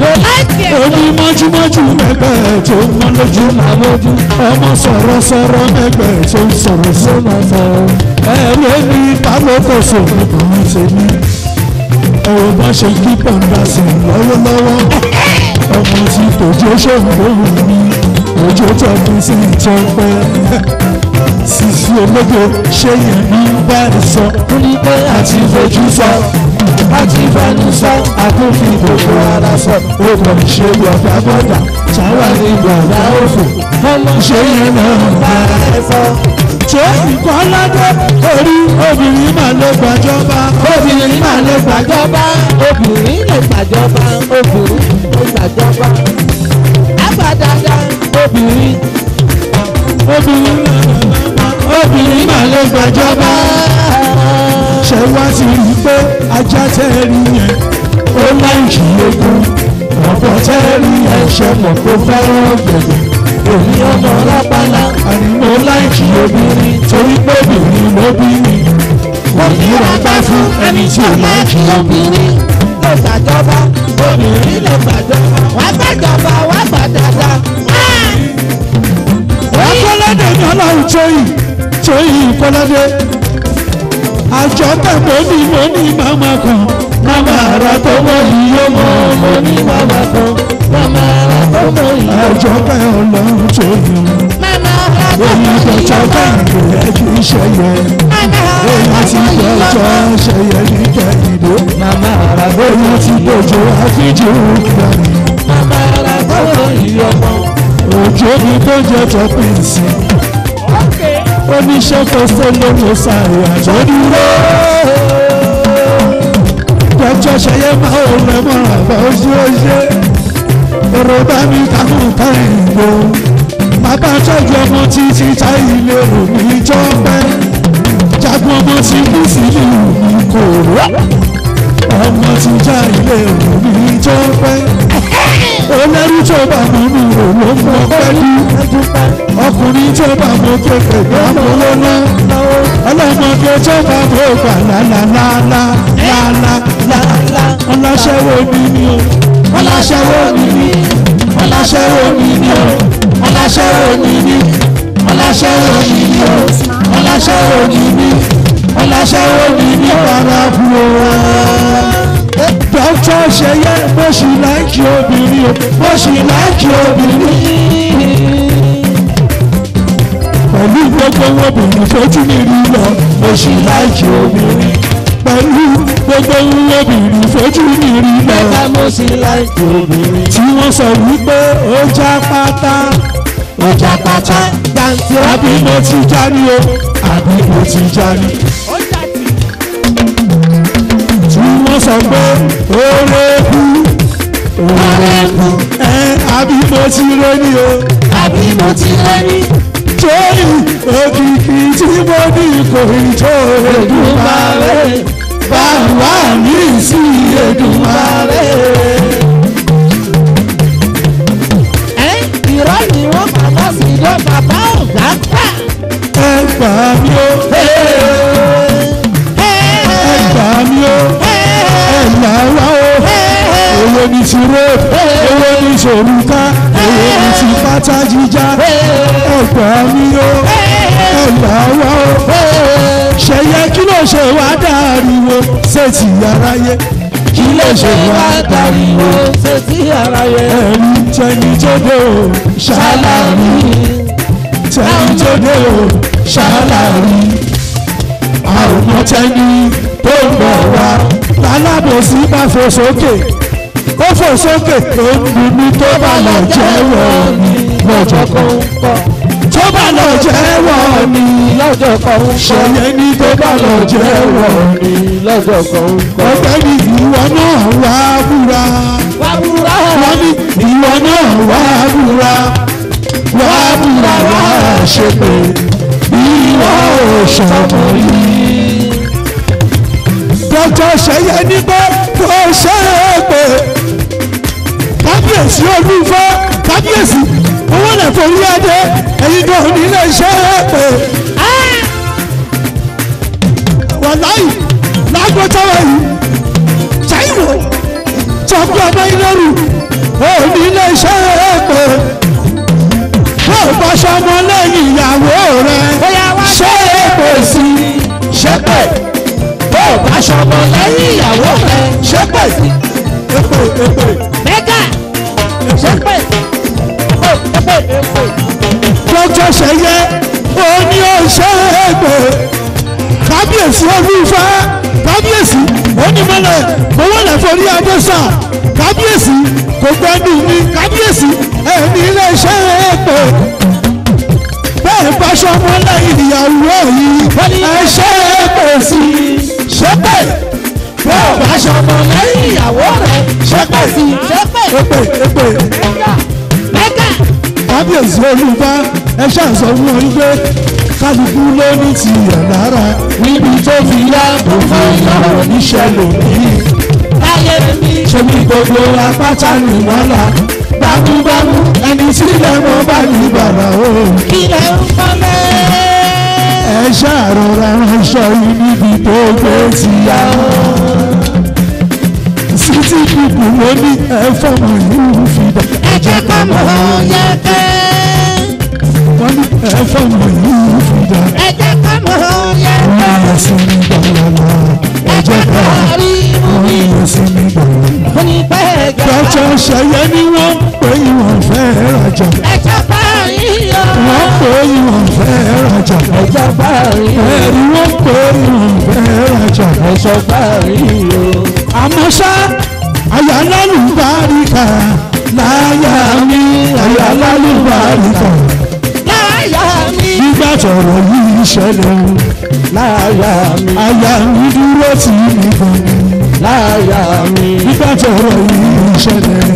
omi mọ́júmọ́jú mẹ́gbẹ́ tó ń mọ́ lójú máa lójú. ọmọ sọ̀rọ̀sọ̀rọ̀ mẹ́gbẹ́ tó ń sọ̀rọ̀ sí máa sọ̀rọ̀. ẹ ló ní pálókòsò ọkùnrin ṣe ní. ẹ̀rọ bá ṣe kí pọ̀ńdà sí lọ́wọ́lọ́wọ́ ọmọ tí kò jẹ́ ṣòwò ojú tọdún sí ìjọpẹ́ sísú ológo ṣé yẹn ní sọ ó ní pé àti fojú sọ àti fẹnu sọ àtúnfi gbogbo ara sọ ó kọ ṣe yọ̀dá bọ́dà sáwà ní yọ̀dá òfò ọmọ ṣé yẹn náà bá ẹ sọ. Ṣéèkì kan lọ́dọ̀ orí obìnrin máa lè gbàjọba. Obìnrin máa lè gbàjọba. Obìnrin lè gbàjọba. Obìnrin lè gbàjọba àgbà dáadáa. obìnrin obìnrin obìnrin mà lè gbàjọba. ṣé wá sí i pé ajá tẹ́ rí yẹn ó láì jí egun ọ̀pọ̀ tẹ́ rí yẹn ṣe mọ̀ kó fẹ́ràn gbẹ̀gbẹ̀ èmi ọmọ lápálá àníwó láì jí obìnrin torí pé obìnrin ló bí mi òní rábá fún ẹni tí ò láì jí obìnrin. lọ́sàdọ́bá obìnrin ló fàjọ wá fàjọba wá fàdàdà. wọ́n kọ́ládé ní ọlọ́run tóyì tóyì kọ́ládé àjọ tàbí ní mo ní màmá kan màmá ara tó mọ̀ yìí yóò mọ̀ mo ní màmá kan màmá ara tó mọ̀ yìí. àjọ tàbí ọlọ́run tóyì màmá ara tó mọ̀ yìí yóò mọ̀ èyí tó tàbí ẹ̀jú iṣẹ́ yẹn bóyá ti dọjọ́ ṣẹyẹ ní kẹ́hìndé. Màmá àrà bóyá ti dọjọ́ àfijì òkúta. Màmá àrà bóyá ìyọ̀pọ̀. Òjò mi tó àjọ dúró. Dọjọ́ ṣẹyẹ máa ò rẹ̀ mọ́ àbá oṣù oṣù. Èrò bá mi takùn táyìn lò. Bàbá tọ́jú ọmọ títí táyìn lè rò mí jagun ọmọ tí kú sílẹ̀ kò rọ́ ọmọ tí já ilé òní tó pẹ́ olórí tó bá mi ò ló mọ pẹ́lú ọkùnrin tó bá mọ kékeré mọ lọ́nà ọlọ́mọdé tó bá gbà lálálálálálá ọláṣẹ́wó mi ni o ọláṣẹ́wó mi ni ọláṣẹ́wó mi ni o ọláṣẹ́wó mi ni ọláṣẹ́wó mi ni o ọláṣẹ́wó ni mí ọláṣẹ́wó ni mí bàbá fún wa. dókítà ṣẹyẹ bó ṣì láìkí obìnrin bó ṣì láìkí obìnrin pẹ̀lú gbogbo obìnrin tó tún rí lọ mo sì láìsí obìnrin pẹ̀lú gbogbo obìnrin tó tún rí lọ mo sì láìsí obìnrin tí wọ́n sọ wípé ó já pátá ó já pátá dantí àbí mo ti já ní o àbí mo ti já ní. tí wọ́n sọ pé ó lè kú ó lè kú ẹ àbí mo ti lé ní o àbí mo ti lé ní. torí òkìkí tí mo ní kò rí tó Èdùmàrè bá wà ní ìsìn Èdùmàrè. ìjọ bàbá ọ̀gá gbà. ẹ gbà mí o. ẹ gbà mí o. ẹ là wá o. èwo ni ti rape ni sòrùka èwo ni ti pátá jíjá. ẹ gbà mí o. ẹ là wá o. ṣẹ̀yẹ kí ló ṣe wá dàrú wo ṣé ti yàrá yẹ lè ṣe wá pariwo sétí ara yẹn. ẹ̀rí tẹni tó dé o ṣáláàrí tẹni tó dé o ṣáláàrí àwọn ọmọ tẹni tó ń bọ̀ wá. lálábòsí bá fò sókè ó fò sókè tó ń bimí tó bá lọ jẹ́wọ́ mi lọ́jọ́ kan tó bá lọ jẹ́ wọ́n ni lọ́jọ́ kan ń kọ́ ṣẹ̀yẹ́ ní tó bá lọ jẹ́ wọ́n ni lọ́jọ́ kan ń kọ́ ọ̀gbẹ́ni ìwọ náà wá búra wá búra wọ́n ní ìwọ náà wá búra wá búra wá ṣe pé ìwọ ò ṣọmọ yìí. dọ́jọ́ ṣẹ̀yẹ́ ní pé kò ṣe é pé kábíyèsí olúfẹ́ kábíyèsí owó lè forí adé ẹ̀yin tó ní ilé iṣẹ́ pé wàláì lágbótáwà yìí ṣáìwò sọgbọ́n ọmọ ilérù ó ní ilé iṣẹ́ pé bó bá ṣọmọ lẹ́yìn ìyàwó rẹ ṣé èpè sí ṣépè bó bá ṣọmọ lẹ́yìn ìyàwó rẹ ṣépè sí èpè èpè mẹ́gà ṣépè lọ́jọ́ ṣẹyẹ oní òṣègbè kábíyèsí olúfà kábíyèsí onímọ̀lẹ̀ mọ̀wọ́lẹ̀ forí adéṣà kábíyèsí kò gbẹ́nu mi kábíyèsí ẹ̀mí iléeṣẹ́ èpè bẹ́ẹ̀ báṣọ mọ́lẹ̀ ìyàwó yìí ẹ̀ṣẹ́ èpè sí ṣẹ́pẹ̀ bẹ́ẹ̀ báṣọ mọ́lẹ̀ ìyàwó rẹ̀ ṣẹ́pẹ̀ sí ṣẹ́pẹ̀ èpè èpè kábíyèsí olúbá ẹ ṣàǹsọ fún ọ wípé kálukú ló ní tìyẹ̀ lára níbi tó fi yá òfin ìyàwó níṣẹ́ lòmíì. láyé mi ṣe ní gbogbo apáta ní mọ́lá bámúbámú ẹni tí lè mọ bá ní bàbá o. kí lè ń fọ́lẹ́. ẹ ṣàrọ̀ra ránṣọ yìí níbi tó gbé tìyà o. city people ló ní ẹ fọmọ ìlú fìdá. ẹ jẹ́ ká mọ̀ ọ́ yẹ kẹ́ wọ́n ní ẹ̀fọ́ mi ní ìfìdá. ẹ jẹ́ ká mọ̀ ọ́ yẹ. wọ́n yẹ sí mi gbàgbọ́. ẹ jẹ́ ká rí mú mi. wọ́n yẹ sí mi gbàgbọ́. mo ní pẹ́ gà. jọjọ ṣẹyẹ ni wọ́n pé ìwọ̀n fẹ́ rajà. ẹ jẹ́ ká rí yọ. wọ́n pé ìwọ̀n fẹ́ rajà. ẹ jẹ́ ká rí yọ. ẹ̀rí wọ́n pé ìwọ̀n fẹ́ rajà. ẹ jẹ́ ká rí yọ. àmọ́ ṣá àyà ńlá lù bá rí kà láyà mi àyà ńlá lù nígbà tọ̀rọ̀ yìí ṣẹlẹ̀ láyà mi àyà mi dúró tì mí gan láyà mi nígbà tọ̀rọ̀ yìí ṣẹlẹ̀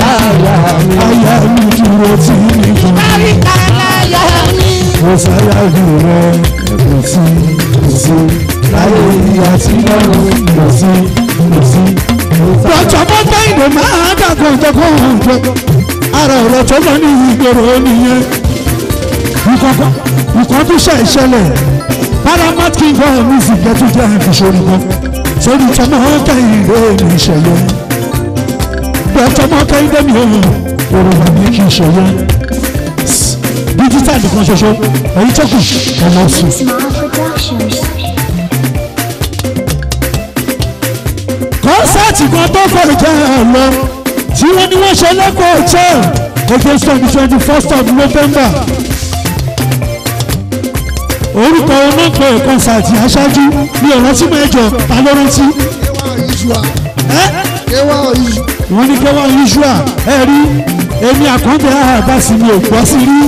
láyà mi àyà mi dúró tì mí gan láyà mi mo ṣàyàwó rẹ kò sí kò sí láyé àti lọ́rùn kò sí kò sí. lọ́jọ́ bó gbẹ́ ìdè máa dàgbọ́n jẹ́kọ̀ọ́ àrà ọ̀rọ̀ tó bá ní ìgbèrò nìyẹn nǹkan tó ṣe ìṣẹ̀lẹ̀ paramount king of music gẹ́tù jẹ́ ìfìṣòrí kan sórí tọmọ kẹyìn ló ní ìṣẹ̀lẹ̀ bẹ́ẹ̀ tọmọ kẹyìn dẹ́mi òun òròmọ ní kí ìṣẹ̀lẹ̀ digital kan ṣoṣo èyí tó kù ọmọ sùn. kọ́nsẹ́ẹ̀tì kan tó fọ̀rọ̀ jẹ́ ọ̀lọ́ tí wọ́n ní wọ́n ṣe lẹ́kọ̀ọ́ hotel ọjọ́ twenty twenty first of November orúkọ olóògbé kọ́nsàtì aṣáájú ní ọ̀rọ̀ tí ta ló rántí. wọ́n ní kéwà yíṣúà ẹ rí èmi àkọ́ńdé àbáṣe mi ò gbọ́ sí rí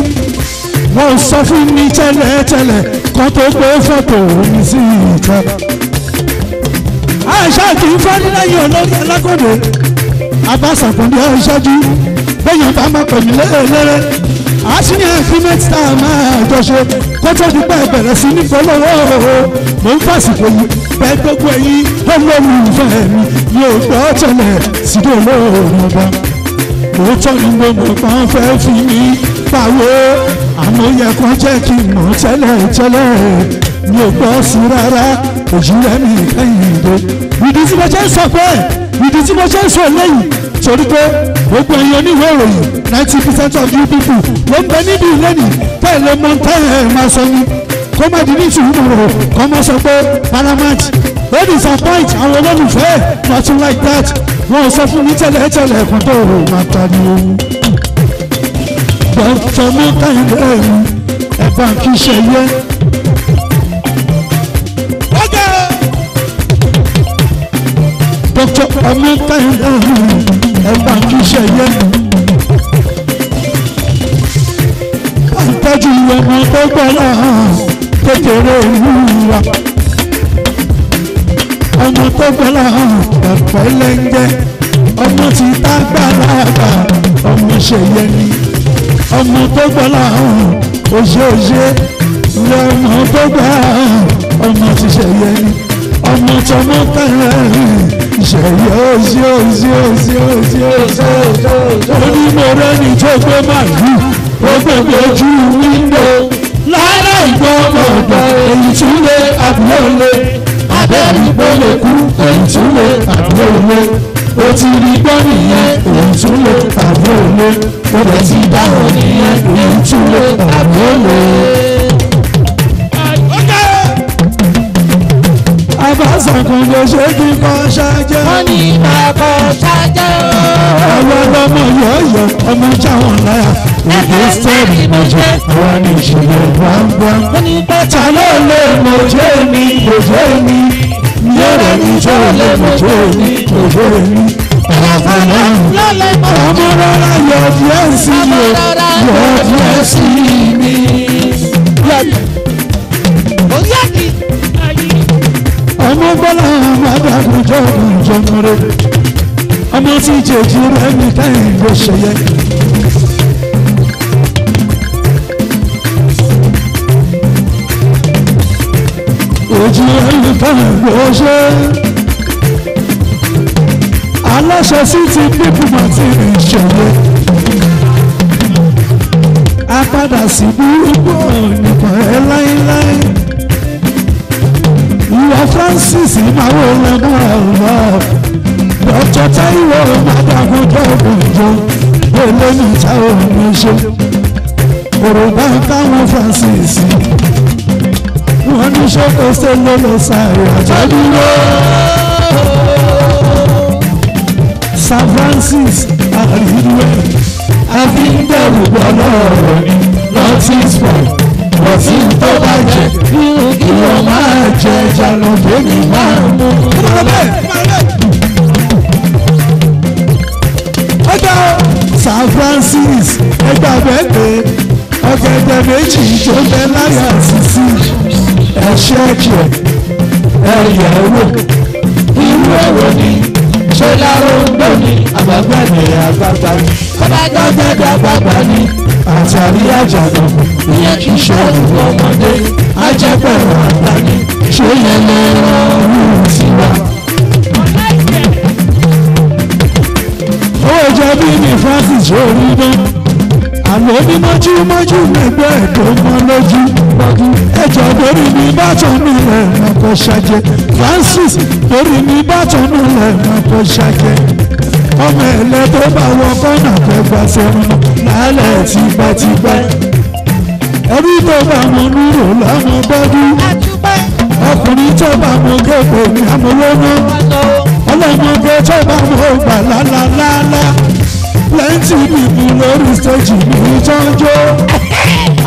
wọ́n sọ fún mi tẹ́lẹ̀ tẹ́lẹ̀ kan tó gbé fọ́tò mi sí ìjọ. àṣà kì í fọ́ nílẹ̀yìn olórí alákòdè abáṣàkùnrin àṣáájú bẹ́ẹ̀ yẹn bá má pẹ̀lú lẹ́rẹ̀ẹ́rẹ́ àṣìyàn agreement tá a máa jọ ṣe kó tó di pé bẹ̀rẹ̀ sí ní polówó mò ń fàsìkò yìí bẹ́ẹ̀ gbogbo ẹ̀yìn olólùfẹ́ mi yóò gbọ́ tẹ̀lẹ̀ sídó olóòrùn ọba òótọ́ ni gbogbo kan fẹ́ fi mí pawó àmọ́ yẹ kó jẹ́ kí n mọ̀ tẹ́lẹ̀ tẹ́lẹ̀ mi ò gbọ́ sí rárá òjì rẹ̀ mi kẹ́yìn ìdó ìdí tí mo ṣe ń sọ pé ìdí tí mo ṣe ń sọ lẹ́yìn nítorí pé gbogbo ẹ̀yin oníwèé ìròyìn ninety percent of you people ló ń bẹ níbi ìlẹ́nì pẹ̀lú mọ́tẹ́ẹ̀ máa sọ ni kó má di ní ìṣòro kó má sọ pé paramount ó disappoint àwọn olólùfẹ́ nothing like that wọn ò sọ fún mi tẹ́lẹ̀ tẹ́lẹ̀ ẹ̀kún tó rò máa ta ni ohun. dr mọ́tẹ́ẹ̀ lẹ́yìn ẹ̀bá kì í ṣe yẹ. dr mọ́tẹ́ẹ̀ lẹ́yìn ọba kíṣẹ yẹn nù. àtẹ́jú ọmọ tó gbọ́dọ̀ kékeré ìlú wa. ọmọ tó gbọ́dọ̀ dàpọ̀ ẹlẹ́ńgẹ́ ọmọ ti tá gbàlagbà ọmọ ṣe yẹn ni. ọmọ tó gbọ́dọ̀ òṣèṣe lọ́mọ tó gbà ọmọ ti ṣe yẹn ni. ọmọ tọmọ tẹ̀lé ṣẹ̀yẹ òsì òsì òsì òsì òsì onímọ̀rẹ́ ni tó gbé màálù ó gbé ojú wíńdò lára ìgbọ́ ọ̀dọ̀ èyí tí ń lé àbúrò lé abẹ́rù gbọ́lé kú èyí tí ń lé àbúrò lé o ti rí gbọ́ nìyẹn èyí tí lé àbúrò lé o lè ti dáhùn nìyẹn èyí tí lé àbúrò lé. Àṣàkùnjọ ṣé kí n kọ́ ṣáájá. Wọ́n ní bàbá ṣáájá. Àwọn ọlọ́mọ yọ̀ọ̀yọ̀ ọmọ jáwọn láyà. Èdè sẹ́ẹ̀lì mọ̀jẹ̀ àwọn ní ìṣẹ̀lẹ̀ gbọ̀ngbọ̀n. Wọ́n ní bàtà ló lè mọ̀jẹ̀ mi mọ̀jẹ̀ mi. Yọ̀rọ̀ mi jọ lè mọ̀jẹ̀ mi mọ̀jẹ̀ mi. Bàbá náà ọmọ rárá yọ̀ díẹ̀ sí i. Yọ̀ díẹ̀ sí i mi. ọmọ bọ́lá ọmọ adágún jọ́ọ̀dún jọmọre ọmọ tí ìjèjì rẹ̀ ní táyìn ló ṣe yẹ. ojú ẹni ló ṣe aláṣẹ sí ti pípù màtí ìṣòro a padà sí burúkú nípa ẹ láéláé ìwọ Francis ìnáwó lọ́dọ̀ ọ̀rọ̀ dọ́tọ̀ Táíwò mádàgúndọ̀ òjò eléyìí tá òun ṣe òrùbá táwọn Francis wọn ní ṣókò ṣe ló lọ sáré àjọdúró Sir Francis àríwẹ̀ àfi ń bẹ̀rù bọ́ lọ́rọ̀ ni north east kò sí tó bá jẹ kí wọ́n máa jẹ jalọ bẹ́ẹ̀ni máa mú. Sir Francis ẹgbàgbẹ́ pé ọ̀gẹ̀dẹ̀ méjì tó bẹ láyà sísí ẹ ṣẹ́ẹ̀kì ẹ yẹ̀ ẹ́ wò. irú ẹ̀wọ̀ ni ṣé láró ń gbọ́ ni àgbàgbà ni àgbàgbà ni. bàbá gbọ́dọ̀ àgbàgbà ni àtàrí àjàgbọ̀n ìyẹn kì í ṣe ìwọ ọmọdé ajẹ́pẹ̀rọ àgbà ni ṣé yẹn lè rọrùn tiwa. ó jọ bí ní Francis orí náà àlọ́ ní mọ́júmọ́jú nígbà ẹ̀dọ́ mọ́ lójú ẹ̀jọ̀ lórí mi bàtàn mi lẹ̀ ẹ̀rọ kò ṣàjẹ́ Francis lórí mi bàtàn mi lẹ̀ ẹ̀rọ kò ṣàjẹ́ ọmọ ẹ̀lẹ́ tó bá wọ kọ́nà kẹfà sẹ́wọ̀n lálẹ́ tipátipá ẹbí tó bá mọ nírò lọ́mọ bọ́dú ọkùnrin tó bá mọ gẹ́gbẹ́ ní amúlọ́mọ ọlọ́mọge tó bá mọ gbà lálálálá plenty people lórí stage ní jọ́jọ́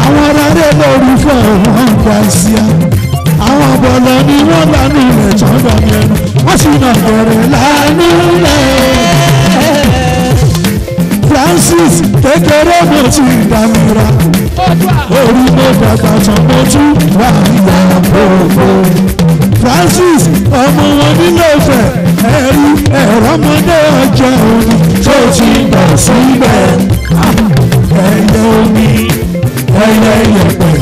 àwọn ará rẹ̀ lórí fọ́ọ̀mù ọ̀gbà àwọn ọ̀bọ̀lọ́ ni wọ́n lánàá rẹ̀ tọ́jọ́ ní ẹnu wọ́n sì nà bẹ̀rẹ̀ lánàá Francis kékeré mo ti dàmúra orí mo dàgbà tán mo tún wà nígbà gbogbo. Francis ọmọ wọn nílò fẹ ẹrí ẹ̀rọ ọmọdé ọjọ́ òní tó ti bọ̀ síbẹ̀ ẹ̀yẹ omi ẹ̀yẹ yẹ̀pẹ̀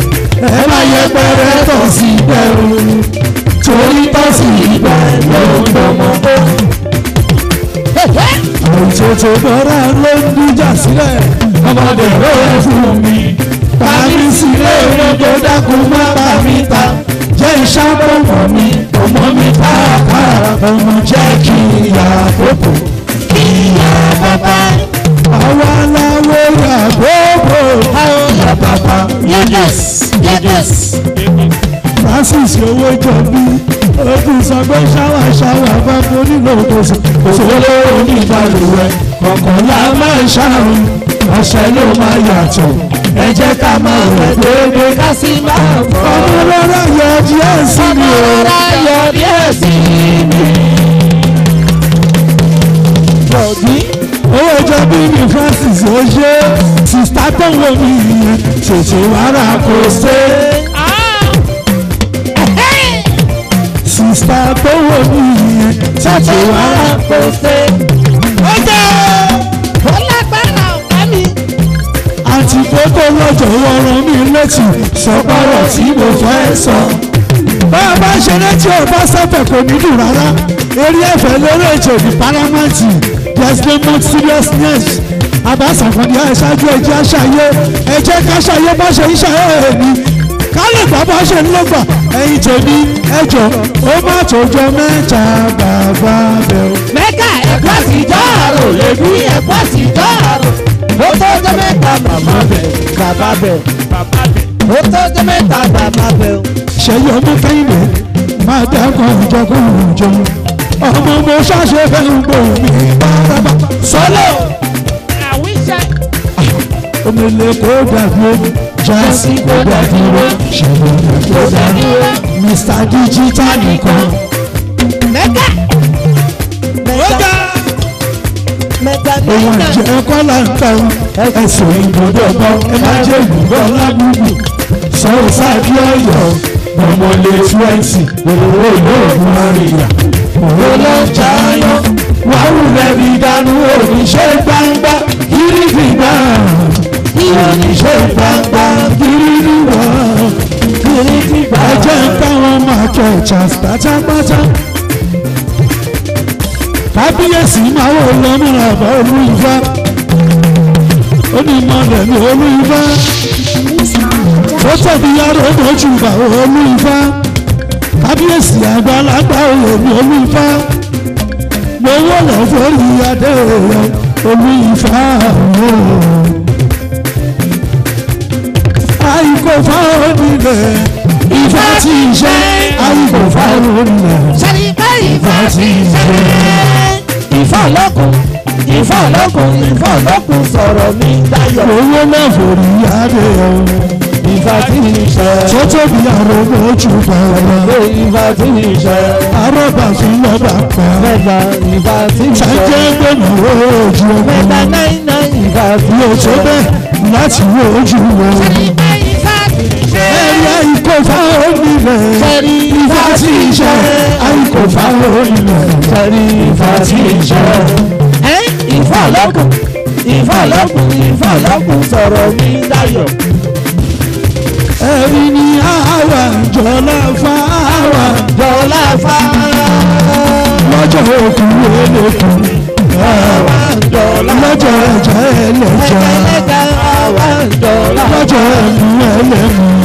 ẹ má yẹpẹrẹ tọ̀ síbẹ̀ o torí tọ̀ síbẹ̀ ló ń dọmọ òṣèṣe bọ́ra ló ń dújà sílẹ̀ ọmọdé ló ń fún mi tàbí sílẹ̀ olóko dákun má bá mi ta jẹ́ ìṣàbọ̀ mọ́ mi ọmọ mi pàápàá ọmọ jẹ́ kí ìyá àkókò kí ìyá bàbá. àwa làwọ̀ rà gbogbo ìyá bàbá. yẹ́dẹ̀sì yẹ́dẹ̀sì. Francis owó jọ bí òkun sọ pé ṣáwà ṣáwà bá fún nílò òkòsì òṣèlú lórí oníbalùwẹ̀ kọ̀kànlá máa ń ṣàrùn ọṣẹ ló máa yàtọ̀ ẹ jẹ́ ká máa wẹ̀ déédéé ká sì máa fọ́. ọmọ rárá yọ díẹ̀ sí mi. ọmọ rárá yọ díẹ̀ sí mi. bọ̀dí owó ìjọ bí mi francis ó ṣe sista tó wọ mi yìí ṣèṣe wàrà kò ṣe é. sista tó wò mí yẹn ṣáàtì wá kó ṣe. ó jẹ́ ó lágbára ọ̀gá mi. àti kókó lọ́jọ́ wọ́rọ̀ mi létí sọ́gbàrọ̀ tí mo fẹ́ sọ. bá a bá ṣe létí ọba sẹ́fẹ̀ kò ní dùn rárá eré ẹ̀fẹ̀ lórí ẹ̀jẹ̀ ní párámẹ́ǹtì there's no more seriousness àbá sàkàndí àṣáájú ẹ̀jẹ̀ àṣàyé ẹ̀jẹ̀ káṣàyé bá ṣe ń ṣàyẹ̀ ẹ̀mí kálẹ̀ bàbá ṣe ń lọ́gbà ẹ̀yin tèmi ẹjọ́ ó má tọjọ́ mẹ́ta bàbá bẹ̀ o. mẹ́ta ẹ̀kọ́ sí jọ́ọ̀rọ̀ lèmi ẹ̀kọ́ sí jọ́ọ̀rọ̀ ó tọjọ́ mẹ́ta bàbá bẹ̀ bàbá bẹ̀ bàbá bẹ̀ ó tọjọ́ mẹ́ta bàbá bẹ̀ o. ṣẹ́yìn ọmọ kẹ́hìndé máa dákọ̀ ìjọkọ̀ òjò ọmọ mo ṣàṣe fẹ́ gbòmí bárabà. sọ́lọ́. àwíṣẹ́. omi lè kó dàbí omi jẹ́sí gbọ́dọ̀ dúró ṣẹlẹ̀ gbọ́dọ̀ dúró Mr Digital nìkan. mẹ́gà mẹ́gà mẹ́gà òun àjẹ́ ẹ̀kọ́ là ń tọ́ ẹ̀sìn ìgbọ́dọ̀ gbọ́ ẹ má jẹ́ ìgbọ́ lágbègbè sọ̀rọ̀ sáàbí ọ̀yọ́ ọmọlé twenty òwò olóògùn àríyá òwò ló ń jayọ wàhùn rẹ̀ bí dànù òní ṣe gbangba kiri fi náà oníṣẹ́ gbangba kiri níwọ̀ kiri ti gbà. ẹ jẹ́ káwọn máa kẹ̀jà pátápátá. kábíyèsí máa wò lọ́múra bá Olúyìfá ó ní mọ̀lẹ́ ní Olúyìfá ó tẹ̀lé yàrá ó dojú bá Olúyìfá kábíyèsí àgbàlagbà òye ní Olúyìfá lówó lọ́fọ́ rí adé òye Olúyìfá òye àìkò fáwọn nílẹ̀ ti ṣe àìkò fáwọn ṣèlíkẹ́ ìfẹ́ ti ṣe ìfẹ́ ọlọ́kùn ìfẹ́ ọlọ́kùn ìfẹ́ ọlọ́kùn sọ̀rọ̀ mi dayọ̀. owó náà forí adé o ìfẹ́ ti ṣe tó tóbi àrògbò ojú bàbá ìfẹ́ ti ṣe àrògbà fún lọ́ba kan mẹ́ta ìfẹ́ ti ṣe ṣáájú gbẹ̀mí ojú ọmọ mẹ́ta náírà ìfẹ́ ti ṣe yóò tó bẹ́ẹ̀ láti wo ojú wọn àìkò fáwọn onílẹ̀ sẹ́rí ìfà tí ì ṣe àìkò fáwọn onílẹ̀ sẹ́rí ìfà tí ì ṣe. ìfà lọ́kùn ìfà lọ́kùn ìfà lọ́kùn sọ̀rọ̀ mi láyọ̀. ẹ̀rí ni àwa jọlá fa àwa jọlá fa lọ́jọ́ òkú elékun àwa jọlá lọ́jọ́ ẹ̀jẹ̀ ẹlẹ́jà àwa jọlá lọ́jọ́ ẹ̀kú ẹlẹ́mu.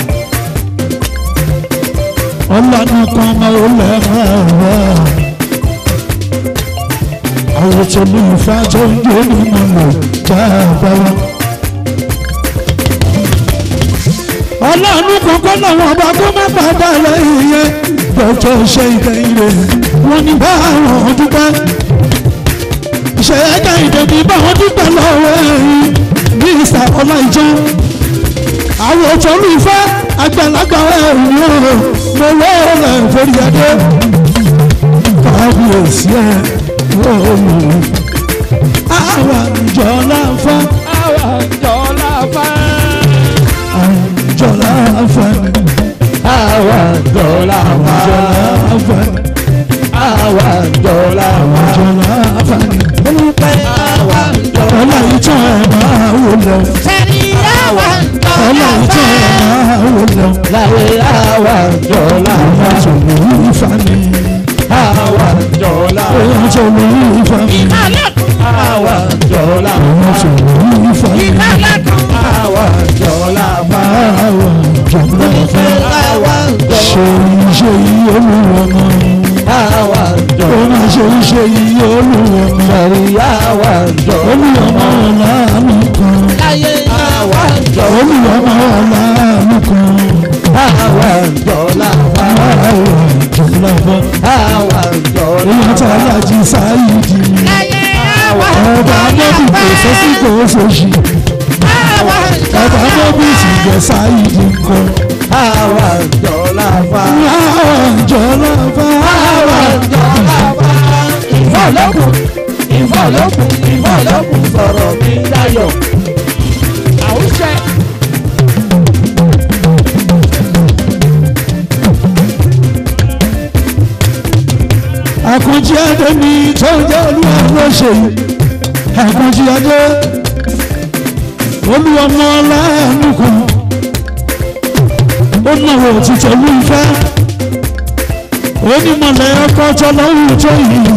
ọlọ́nà ọlọ́run kọ̀ọ̀kan làwọn ọba tó má padà lẹ́yìn yẹn lọ́jọ́ iṣẹ́ ìkẹyìn rẹ̀ wọ́n ní bá àwọn dúpẹ́. ìṣẹ̀lẹ̀ ẹ̀ka ìdẹ̀bí bá wọn dúpẹ́ lọ́wọ́ ẹ̀yìn ní ìsà ọlá ìjọ. àwòtò ní ìfẹ́ àgbàlagbà ẹ̀rù ni ó mo wá ọ̀rọ̀ ìforíyadé kábíyèsí ẹ̀ wọ́n mú un. àwa àjọ láfa. àwa àjọ láfa. àjọ láfa. àwa àjọ láfa. àwa àjọ láfa. àjọ láfa. olùkọ́ àwa àjọ láfa. ọlọ́yin tí wọ́n máa wò lọ. sẹ́ni àwa ọlọ́run tó máa wò lọ. láyé àwa jọ láwa tó ní ìfà mi. àwa jọ láwa tó ní ìfà mi. àwa jọ láwa tó ní ìfà mi. àwa jọ láwa jọ láwa. ṣe iṣẹ́ yìí olúwa náà àwa jọ. ó máa ṣe iṣẹ́ yìí olúwa náà. sàrí àwa jọ. olúwa náà lánàá jọ̀wọ́ mi wọ́n máa wà mí kan. Àwa jọ̀lá bá wà jọ̀lá bá. Àwa jọ̀lá bá. Ìyá Tàlá ti sáyé di. Ọba Mọ́bì kò sọ́sí kò sọ́sí. Ọba Mọ́bì sì jẹ́ sáyé di nǹkan. Àwa jọ̀lá bá. Àwa jọ̀lá bá. Àwa jọ̀lá bá. Ìfọ̀lọ́kùn ìfọ̀lọ́kùn ìfọ̀lọ́kùn sọ̀rọ̀ mi láyọ̀. Àkànjí adé mi tó ń jẹ́ olúwa ló ṣe adé olúwa mọ́ láàánú kan ó náwó òtítọ́ olú ìfẹ́ onímọ̀lẹ́ ọkọ̀ tó lọ́wọ́ tó yìí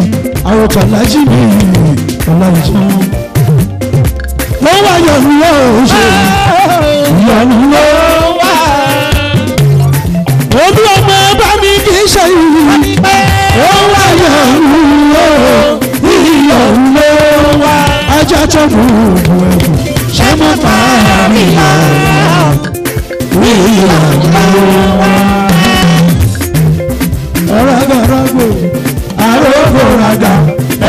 àwòkọ̀ lájí mi ọlọ́jọ́ ló wà yọ̀nù lọ́wọ́ yọ̀nù lọ́wọ́ wà olú ọmọ bá mi kì í ṣe yìí ó wà ìyàwó ìyàwó ajá tó gbogbo ẹ̀bùn ṣe mọ́ fàámi ìyàwó ọ̀rọ̀gọ̀rọ̀gbò àrògbò ràgà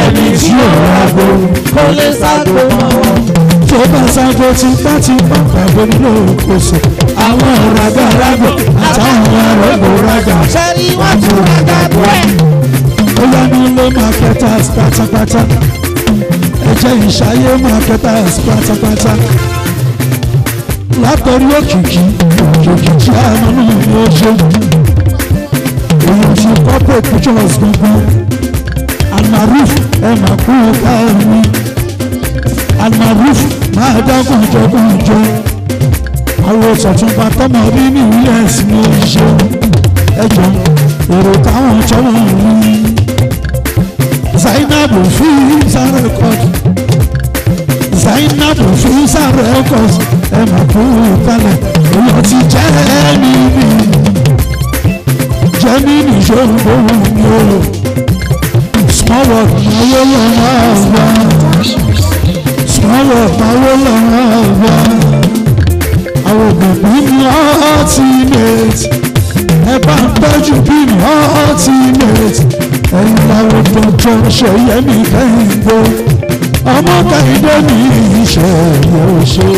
ẹni tí ò ràgbò kò lè ságbo mọ́ tó bá ságbo tipátipá pàbó nínú òkòsò àwọn ọ̀rọ̀gọ̀rọ̀gbò àtàwọn àrògbò ràgà ṣẹ́ni wọ́n tún ràgà bọ́ ẹ̀. Oya ni máa kẹta pátápátá ẹ̀jẹ̀ ìṣayé máa kẹta pátápátá látọrí òkìkí òkìkí tí a nínú ìlú ọjọ́ èyí ti kọ́pọ̀ pictures gbogbo almaruf ẹ máa kú ọ̀ká ẹ̀mí almaruf máa dákun ìjọkùn ìjọ àwọn òṣòtúnba tọmọ rí ní ìwúlẹ̀ mi ní ìṣe ẹ̀jọ̀ èrò táwọn ọjọ́ wọn rí zainabu fi sáré kọjú zainabu fi sáré kọjú ẹ mà kú ìtàlẹ̀ èèyàn ti jẹ́ mi mi jẹ́ mi mi ṣòro mi o small world náwó lọ́wọ́ àgbà small world náwó lọ́wọ́ àgbà àwọn òbí mi ultimate ẹ bá ń tọ́jú bí mi ultimate ẹ̀ka ọ̀dọ̀jọ́ ṣèyẹ́mi kẹ́hìndé ọmọ kẹ́hìndé ní ìṣẹ̀yẹ òṣè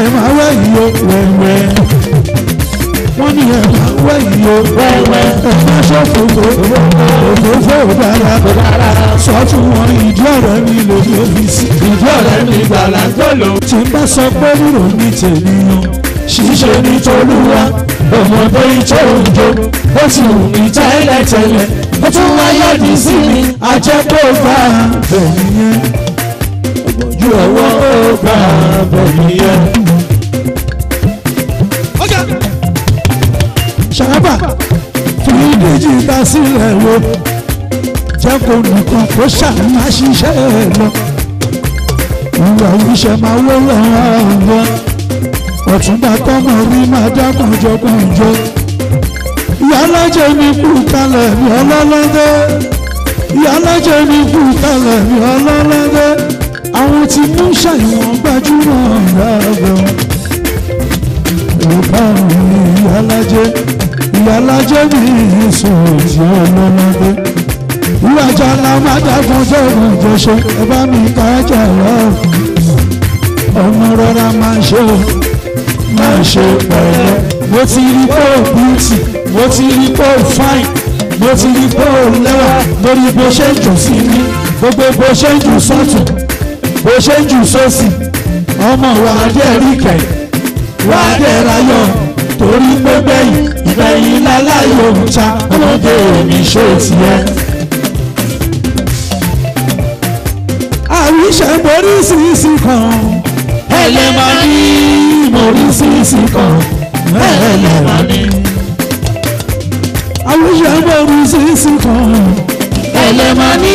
ẹ̀ máa wẹ̀yìn o wẹ̀wẹ̀ wọ́n ní ẹ̀ máa wẹ̀yìn o wẹ̀wẹ̀ ẹ̀ máa ṣòfò òfófó dára sọ fún wọn ìdí ọ̀rẹ́ mi lòdì òfìsì ìdí ọ̀rẹ́ mi gbàlá tó lò tí n bá sọ pé rírò ní tèmi yan ṣíṣe ní tolúwa ọmọdé ijó òjò ó ti wù mí tẹ́lẹ̀tẹ́lẹ̀ ó tún wá yọ̀dí sí mi ajẹ́pọ̀ bá bẹ̀rẹ̀ yẹn ojú ọwọ́ ó bá bẹ̀rẹ̀ yẹn. ṣàbà fún ìdíjì ta sílẹ̀ wo jẹ́ kó nìkan kó ṣàmà ṣiṣẹ́ lọ ìwà oníṣẹ́ máa wọ́ lọ́wọ́ ọ̀túnba tọ́mọ rí máa dákun jọgbọ́n jọ. ìyálàjẹ mi kú kalẹ̀ mi ọlọ́lọ́dẹ́. ìyálàjẹ mi kú kalẹ̀ mi ọlọ́lọ́dẹ́. àwọn tí mú ṣàìwọ̀n gbajúmọ̀ ọ̀rọ̀ ọ̀gá mi ìyálàjẹ ìyálàjẹ mi ìsòjì ọlọ́lọ́dẹ́. ìwàjà la máa dákun jọgbọ́n ẹ bá mi ká jà lọ. ọmọ rọra máa ṣe o máa ṣe pẹ̀lẹ́ mo ti rí pé o bùtì mo ti rí pé o fáìn mo ti rí pé o lẹ́wà lórí bó ṣe ń jù sí mi gbogbo bó ṣe ń jù sọ́tún bó ṣe ń jù sósì ọmọ wa dé rí kẹ̀ wá dé rayọ̀ torí pé gbẹ̀yìn ìgbẹ̀yìn láláyò ń ta ọmọdé mi ṣe tiẹ̀. àríṣẹ́ borí sísì kan bẹ́ẹ̀ lè máa ní mo rí sísì kan bẹ́ẹ̀ lè máa ní. àwùjọ mo rí sísì kan bẹ́ẹ̀ lè máa ní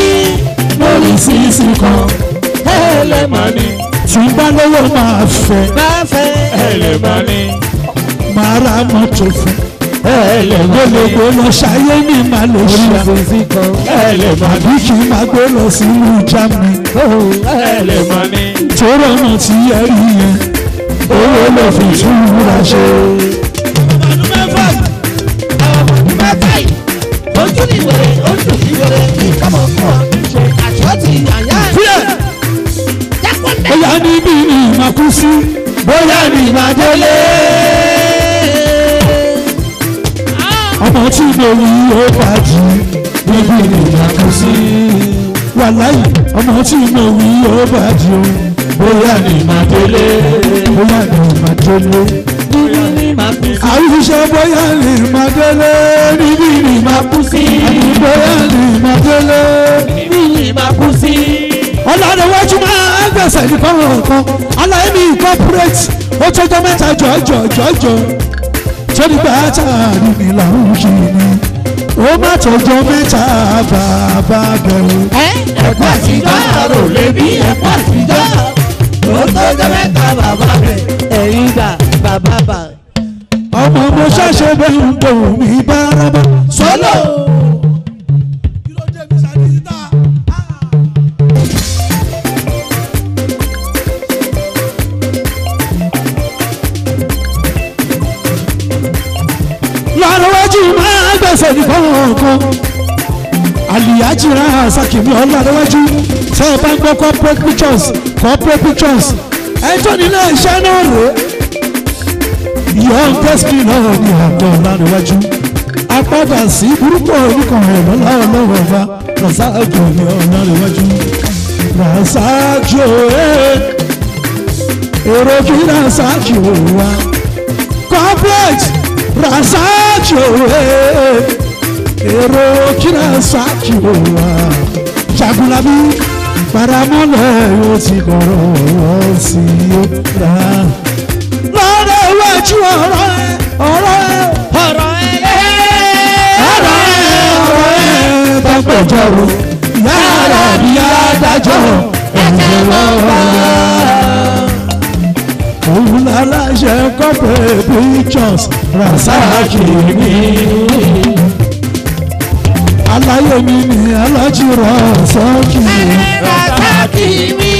mo rí sísì kan bẹ́ẹ̀ lè máa ní. tí n máa fẹ́ bẹ́ẹ̀ lè máa ní. màá ra mọ́tò fún ẹlẹ́gbọ́n gbóná ṣayé ní malaysia ẹlẹ́gbọ́n àdúgbò máa gbóná sílùú germany ẹlẹ́gbọ́n ni tó rọrùn tí ẹ rí yẹn owó ló fi túra ṣe. ọmọdún mẹ́fà ọmọdún mẹ́fà yìí ojú ni wèrè ojú ni wèrè kí kọ́mọ fún ọ ṣe àṣọ́tì àyà rẹ̀. bóyá níbí ni màá kú sí bóyá ni màá délé ọmọ tí mo wí ó fàájì níbi ìrìnà kò sí. wàláì ọmọ tí mo wí ó fàájì o bóyá ni màá délé bóyá ni màá délé àwùjọ bóyá ni màá délé níbi ni màá kú sí. àti bóyá ni màá délé níbi ni màá kú sí. ọ̀làdẹ̀wájú máa ń gbèsè ní fáwọn nǹkan aláìní corporate ó tọ́jọ́ mẹ́ta jọ̀ọ́jọ̀ọ́jọ̀ọ́ sódìgbà tá a rí ni làwọn kì í ní ó má tọjọ́ mẹ́ta bàbá bẹ̀rù. ẹ̀kọ́ àtijọ́ àrò lè bí ẹ̀kọ́ àtijọ́ ó tọjọ́ mẹ́ta bàbá bẹ̀. ẹ̀yin gbà bàbá bà. ọmọ mo ṣẹ̀ṣẹ̀ bẹ́ẹ̀ ń bò mí bá rábà sọ́lọ́. nǹkan àlìyájì ráhà sàkìmí ọlọ́dẹ́wájú tẹ́ ẹ bá ń gbọ́ corporate pictures corporate pictures ẹjọ́ nílé iṣẹ́ náà rè é beyond destiny náà ni ọ̀dọ́ ọlọ́dẹ́wájú apádà sí burúkú oníkan ọ̀rọ̀ láwọn ọba rasáàjò ni ọlọ́dẹ́wájú rasáàjò eh, èrò kí rasáàjò wá corporate rasáàjò. Eh, èrò kíra ṣáàkìrò wa ṣàgùnlábí ìfaramọ́lẹ̀ yóò ti kọ̀rọ̀ wọ́n sí ra. lọ́dọ̀ iwájú ọ̀rọ̀ ẹ ọ̀rọ̀ ẹ ọ̀rọ̀ ẹ ọ̀rọ̀ ẹ ọ̀rọ̀ ẹ tọ́pẹ̀jọ́ o yàrá bí adájọ́ ẹ̀jẹ̀ lọ́wọ́ òun lálàṣẹ corporate pictures rasaki mi aláyọ̀ mi ni alájùrọ̀ sọ́ọ̀kì. ẹ̀rọ sọ́ọ̀kì mi.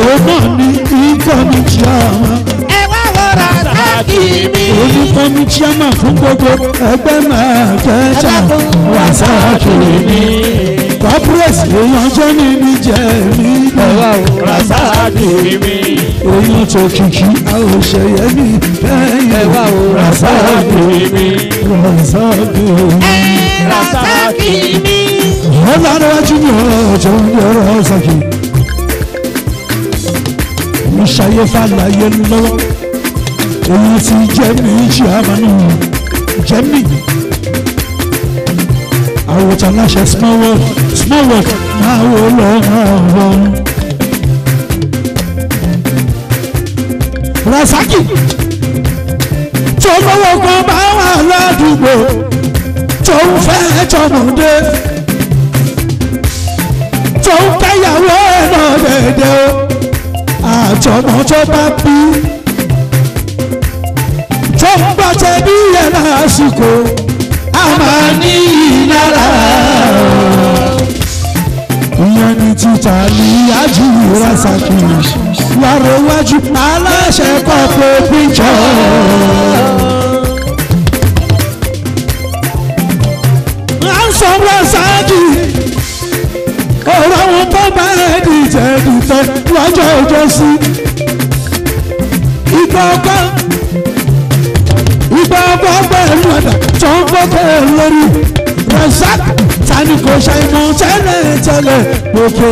òun náà ni ikọ̀ mi ti àmọ́. ẹ wá wọra sọ́ọ̀kì mi. oníkọ́ mi ti àmọ́ fún gbogbo ẹgbẹ́ náà kẹta wà sọ́ọ̀kì mi. corporate èèyàn jẹ́ mi jẹ́ mi. ẹ̀rọ rasaki mi. èèyàn tó kìkì àwòṣeyẹ mi. ẹ̀rọ rasaki mi razaki razaki mi ọlọ́rọ̀jú ni ọjọ́ ní razaki ìṣayé fàlàyé lọ́wọ́ èyí tí jẹ́ mi jí àmàlù jẹ́ mi àwòtán láṣẹ small work, small world máa wò lọ́wọ́ razaki sọfọwọ́ kan bá wà ládùúgbò tó ń fẹ́ tọmọdé tó ń fẹ́yàwó ẹ̀ náà dédé o àtọmọ tó bá bí tó ń gbàjẹ́ bí yẹn lásìkò a máa ní ìlara ìyẹn ní títà ní ajú ìrásàkì lára iwájú aláṣẹ kọ́kọ́ píjọ. à ń sọ̀rọ̀ ṣáájú ọ̀rọ̀ àwọn bọ́bá ẹ̀dì ìjẹ̀dìtẹ̀ lọ́jọ́ ìjọsí. ìgbà ọgbà ìgbà ọgbà ọgbà tó ń fọ́kọ̀ lórí Razak tani kò ṣe tẹ́lẹ̀ tẹ́lẹ̀ gbogbo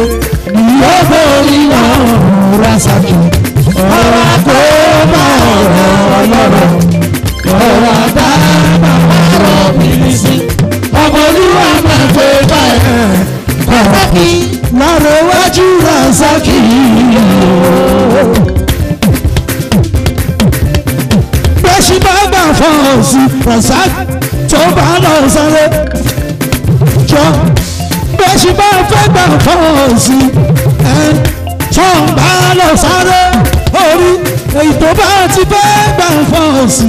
bí. ó borí wọn òwúrọ̀ sàkè. ọ̀rọ̀ àgbo máa ọ̀rọ̀ ọlọ́rọ̀. ọ̀rọ̀ àbá bàbá rọ̀ bìrì sí. ọmọ olúwa máa gbé báyìí. ọ̀rọ̀ kí lọ́rọ̀ wájú rà sàkè. bẹ́sí bá bà fọ́ọ̀sì rà sàkè tó bá lọ sáré. jọ bẹ́sí bá fẹ́ gbà fọ́ọ̀sì ṣọ́ọ̀bá lọ sáré orí èyí bá ti fẹ́ gbà fọ́ sí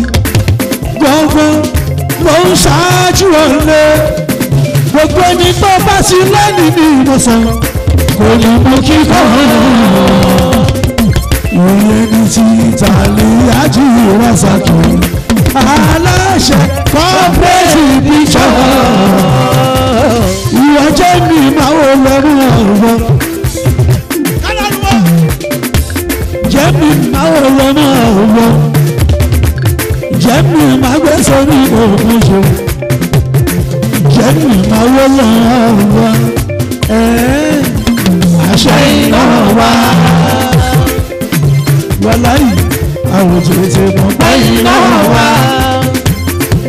gbọ̀ngbọ̀n ló ń ṣáájú ọ̀lẹ gbogbo ẹni tó bá sí lẹ́nu ní ìmọ̀sán kò lè mú kí kọ́ọ̀ọ́ òye ní ti ìtàlẹ́ àjù ìrọ̀sà aláṣẹ kọ́pẹ́tì bíṣọ̀ ìwọ́jẹ́ mi máa wọ lọ́rùn ọ̀rọ̀. mi máa wọ máa wọ jẹ́mi máa gbé sórí òkun ṣe jẹ́mi máa wọ wa wọlá yìí àwòjì ti mọ̀ pé iná wa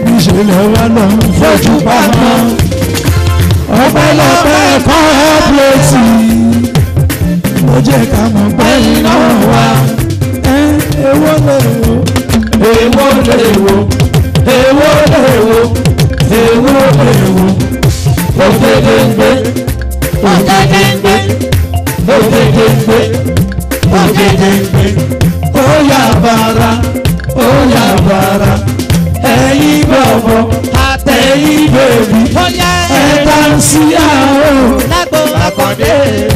níṣẹ́lẹ̀ wa lọ fojú pamọ́ ọpẹ́lọpẹ́ kọ́ ọ́ pẹ́ẹ́tì mo jẹ́ ká mọ̀ pé iná wa èwo lẹ́wọ̀ èwo lẹ́wọ̀ èwo lẹ́wọ̀ èwo lẹ́wọ̀ ògèdèǹgbé ògèdèǹgbé ògèdèǹgbé ògèdèǹgbé ó yà bàrà ó yà bàrà ẹ̀yin bọ̀bọ̀ àtẹ̀yìn bèbí ẹ̀ka ń sí àwọn lágbo àkàndé.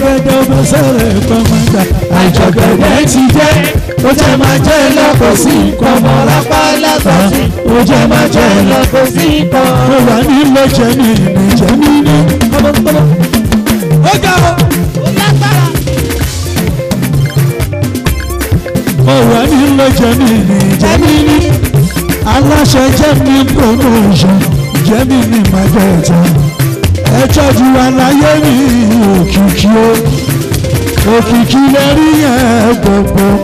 jọgẹdẹ ọmọ sọ̀rọ̀ ẹ̀kọ́ máa gbà àjọgẹdẹ ti jẹ́ ó jẹ́ máa jẹ́ lọ́kọ̀ sí ikọ̀ ọmọ lápá látọ̀ sí ó jẹ́ máa jẹ́ lọ́kọ̀ sí ikọ̀. mo wà nílò jẹ́mi ìrìn jẹ́mi ní ó ga o ó lágbára. mo wà nílò jẹ́mi ìrìn jẹ́mi ní aláṣẹ jẹ́mi promotion jẹ́mi ní màjẹ̀ta ẹ tọ́jú aláyé mi òkìkí o òkìkí lè rí yẹn gbọ̀ngbọ̀n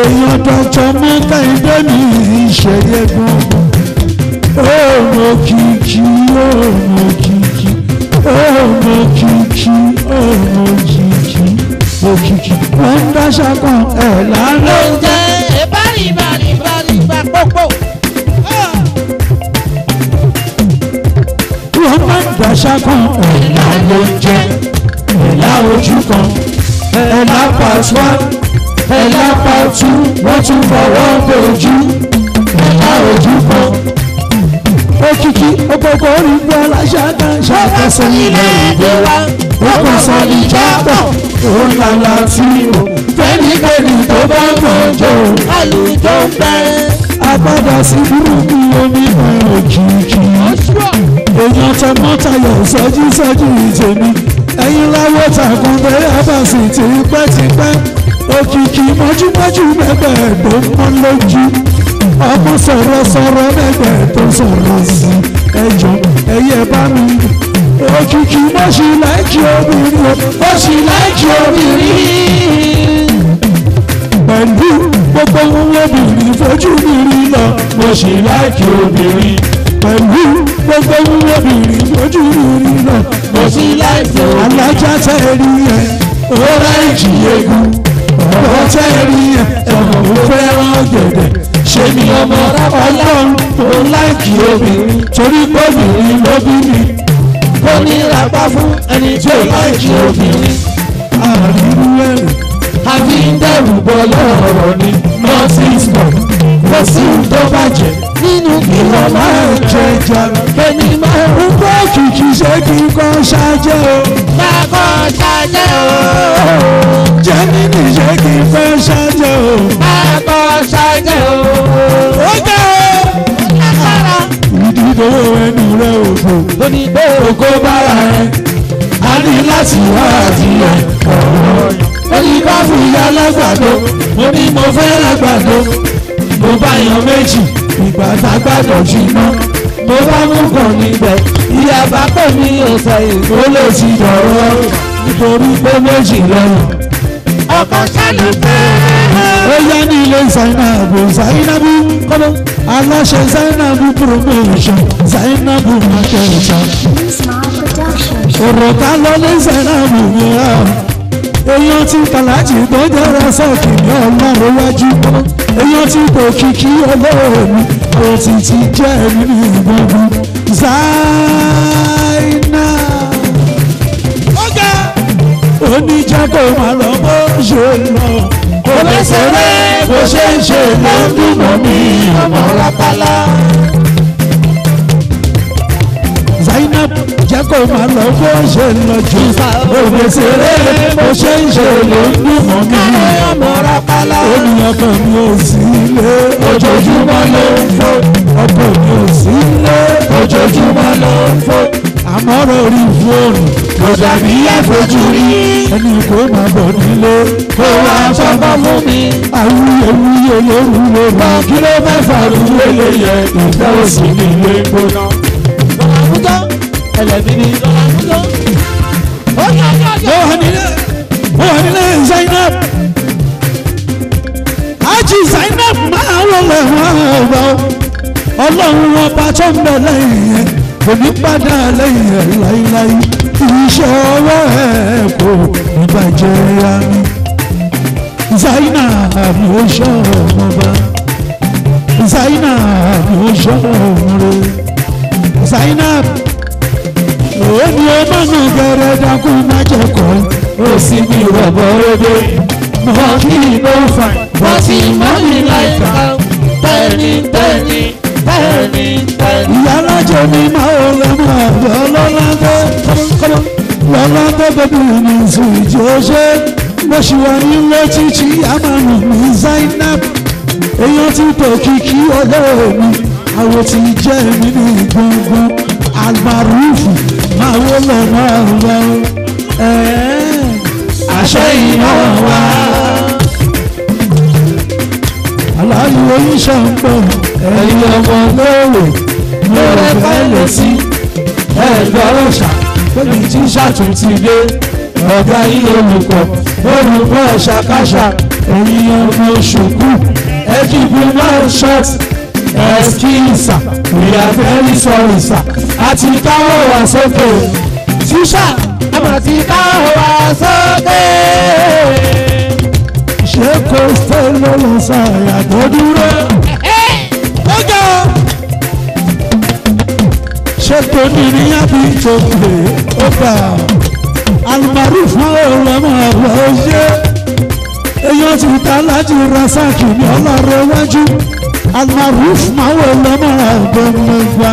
èèyàn dọ́tọ̀ mẹ́ta ìdẹ́ mi ìṣẹ̀yẹ gbọ̀ngbọ̀n ọmọ kìkì ọmọ kìkì ọmọ kìkì ọmọ kìkì òkìkí wọn dáṣà kan ẹ̀ lánàá. àgbàṣá kan ẹ̀là ló ń jẹ ẹ̀là ojú kan ẹ̀là part one ẹ̀là part two wọ́n tún fọwọ́ bójú ẹ̀là ojú kan. Òkìkí òpópó orí gbọ́ aláṣà kan ṣàkóso ilé ìgbé wa wọ́n sọ ìjà bọ̀ òun tí o fẹ́nikẹ́ni tó bá mọ̀ jọ àlùjọ ń Agbada sí burúkú omi ọ̀rọ̀ jìjì èèyàn tẹ mọ́tàyọ̀ sọ́jú sọ́jú ìjẹ̀mí ẹ̀yin láwọ́ tàkùn bẹ́rẹ̀ àbàsì tí pẹ́tipẹ́ òkìkí mọ́júmọ́jú mẹ́gbẹ́ tó mọ́ lójú ọmọ sọ̀rọ̀ sọ̀rọ̀ mẹ́gbẹ́ tó sọ̀rọ̀ sí ẹjọ́ ẹ̀yẹ bá mi òkìkí mọ́ṣí láìkí obìnrin mọ́ṣí láìkí obìnrin pẹ̀lú gbogbo ohun obìnrin fojú mi rí lọ mọ́ṣí láìkí obìnrin pẹ̀lú gbogbo wúwo bìrì lójú rí náà. mo sí láìpẹ́ òkè. alájà tẹ́ rí ẹ̀ ọ̀rá ìjì egun ọ̀rọ̀ tẹ́ rí ẹ̀ ẹ̀wọ̀n ò fẹ́ràn gẹ̀dẹ̀. ṣé mi ọmọ ọlọ́run tó láìkì obìnrin torí gbòmìnrin ló bí ní rapá fún ẹni tó láìkì obìnrin. àrùn ẹ̀rìn. a fi ń dẹ̀rù bọ́ lọ́rọ̀ ni nọ́ọ̀sì ìsìnkú kò sí tó bàjẹ́ nínú kí wọ́n máa ń jẹ ìjà èmi máa ń gbọ́ kìkì ṣé kí n kọ́ ṣáájẹ́ o. má kọ́ ṣáájẹ́ o. jẹ́mínì ṣé kí n fẹ́ o. má kọ́ ṣáájẹ́ o. ó jẹ́ o. agbára. ìdìbò ẹnu rẹ òfò. onígbò bára rẹ. a ní láti wá àtìlẹ̀ ọ̀rọ̀. onígbà fún ìyá alágbàdo. mo ní mo fẹ́ lágbàdo bó bá yan méjì ìgbà tágbàdọ̀ jiná mo bá mú kàn níbẹ̀ ìyá bá pè mí ọ̀sẹ̀ èkó lè ti yọ̀rọ̀ nítorí pé méjì lọ́rùn. ọkọ̀ sẹ́lẹ̀ pé ó yá ní ilé zainabu zainabu kọ́lọ́ aláṣẹ zainabu promotion zainabu makeosan ọ̀rọ̀ ta lọ ní zainabu yẹn èèyàn ti kàlájì tó jẹ́ra sọ́ọ̀kì ní ọlọ́run wájú kọ́lọ́. Eyo ti po kiki bò ti ọlọ́run òtítì jẹ́ nínú ìgbọ̀ngàn zaina. oníjẹ́ kò ma lo bó ṣe lọ kò lẹ́sẹ̀ rẹ̀ bó ṣe se ṣe lọ́dún mọ́ mi ọmọ rápálá. jẹ́ kó máa lọ bó ṣe ń lọ jù òde sí rere bó ṣe ń ṣe ló ń dùn mọ́ mi ènìyàn kan mi ò sí ilé ojoojúmọ́ ló ń fò ọkọ mi ò sí ilé ojoojúmọ́ ló ń fò àmọ́ lórí fóònù kò dàbí àfojú rí ẹni kò máa bọ̀ nílé kó wá sọ́gbọ́ fún mi awuyewuye lóru ló kí ló fẹ́ fàrú lélẹ́yẹ ìfẹ́ òsì nílé gbóná ẹlẹ́bí ni dọ́là múlò. Mohanile Mohanile Zainab Haji Zainab máa wọlé wọn ọba ọlọ́run ọba tó ń bẹ lẹ́yìn ẹ̀ kò ní padà lẹ́yìn ẹ̀ láíláí iṣẹ́ ọwọ́ ẹ̀ kò ní bàjẹ́ yá mi. Zainab ló ṣọ́ ọba Zainab ló ṣọ́ ọmọ rẹ̀ Zainab òwe ni ó má ní gẹ̀rẹ́ dákun má jẹ́ kọ́ ó sì ní ìrọ̀bọ̀ rẹ́gbẹ́ mọ́ kí ló fà wọ́n sì má ní láìka tẹ́ni tẹ́ni tẹ́ni tẹ́ni. ìyá alájọ ni máa ń lọ mọ ọ̀dọ́ lọ́láńtẹ́ lọ́láńtẹ́ bẹ́bí mi sùn ìjọ ṣe mo ṣì wà nílé títí àmàlù mi Zainab èèyàn ti tọ̀ kíkí ọlọ́ọ̀ mi àwọn ti jẹ́ mi ní gbọ̀ngbọ̀n agbarufu máa wó lọ máa wá o àṣẹ iná wá. aláyò oníṣẹ́ ń bọ̀ ẹ̀yin ọmọ lóòrò lóòrè fẹ́lẹ̀ sí ẹ̀gbọ́n ọ̀ṣà lórí tíṣà tó dé ọ̀gá yìí olùkọ́ olùkọ́ ẹ̀ṣàkáṣà ẹ̀yin ọmọ ṣùkú ẹ̀jìgbìmọ̀ ṣọ́ọ̀tì excuse sir we are very sorry sir káwọ́ wa sókè tíṣà a káwọ́ wa sókè ṣé kò ṣe ló lọ sọ àyàgbọ́ dúró. ó jọ ṣé kò ní ní yàtí ìjọba ó gbà alùpàdé fún ọ̀rọ̀ ọmọ ọ̀rọ̀ ọ̀ṣẹ́ èyí ó ti ta láti ra sáàkì ọlọ́run iwájú almaruf mawo lọ́mọ́ra ọ̀dọ́mọ̀gbà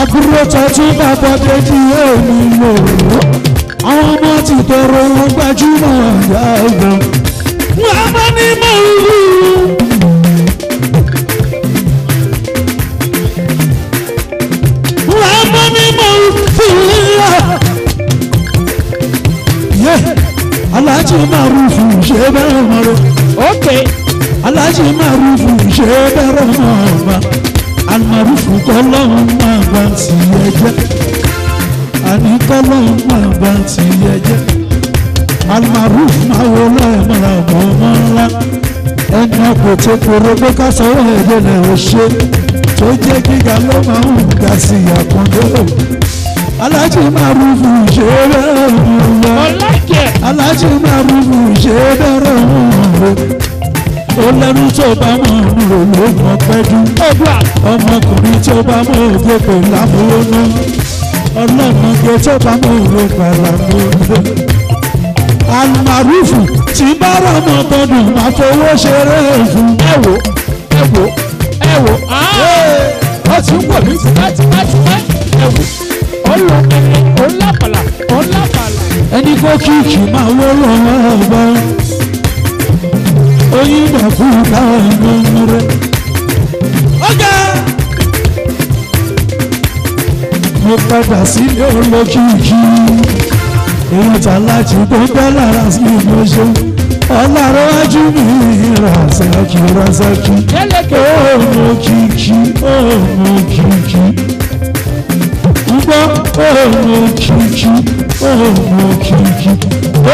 àbúrò tọ́jú bàbá bẹ́bí òní lò àwọn ọmọ ti tọrọ wọn gbajúmọ̀ ọ̀gá ọ̀gbọ̀n. wọ́n bá ní mọ̀lú. okay aláṣẹ márùfù ṣe dárọ̀ mọ́ ọba kọ́lọ́hún máa bá ti yẹ jẹ́ àní kọ́lọ́hún máa bá ti yẹ jẹ́ alùmárùfù máa wọ lẹ́ẹ̀mọ́ra ọmọ ẹni ọkọ̀ tó koro pé ká sọ́wọ́ ẹ̀jẹ̀ náà ó ṣe tó jẹ́ gíga ló máa ń ga sí àkàndó aláṣẹ márùfù ṣe bẹ́ẹ̀ ọ̀hún lọ aláṣẹ ṣe bẹ́ẹ̀ ọ̀hún ó lẹ́rú tó bá mọ̀ nírò ló mọ̀ pẹ́jú. ọmọkùnrin tó bá mọ̀ òde kò lámúlónú. ọlọ́mọge tó bá mọ̀ òde kò lámúlónú. alumarufu tí bá rọmọ bọdùn máa fowó ṣeré fún. ẹ wò ẹ wò ẹ wò ó ti ń wò mí tipẹ́tipẹ́tipẹ́ ẹ wò ó lọ ó lápàlà ó lápàlà. ẹni kó kíkì máa wó lọ́wọ́ ọgbọ́n oyin bẹ fún káàmù rẹ. ọ̀gá. mo padà sílé olójijì ìrántà láti gbọ́dọ̀ lára sí ìmọ̀ṣẹ́ ọlọ́run wájú mi ràṣàkì ràṣàkì ọmọ kìkì ọmọ kìkì gbọ́ ọmọ kìkì ọmọ kìkì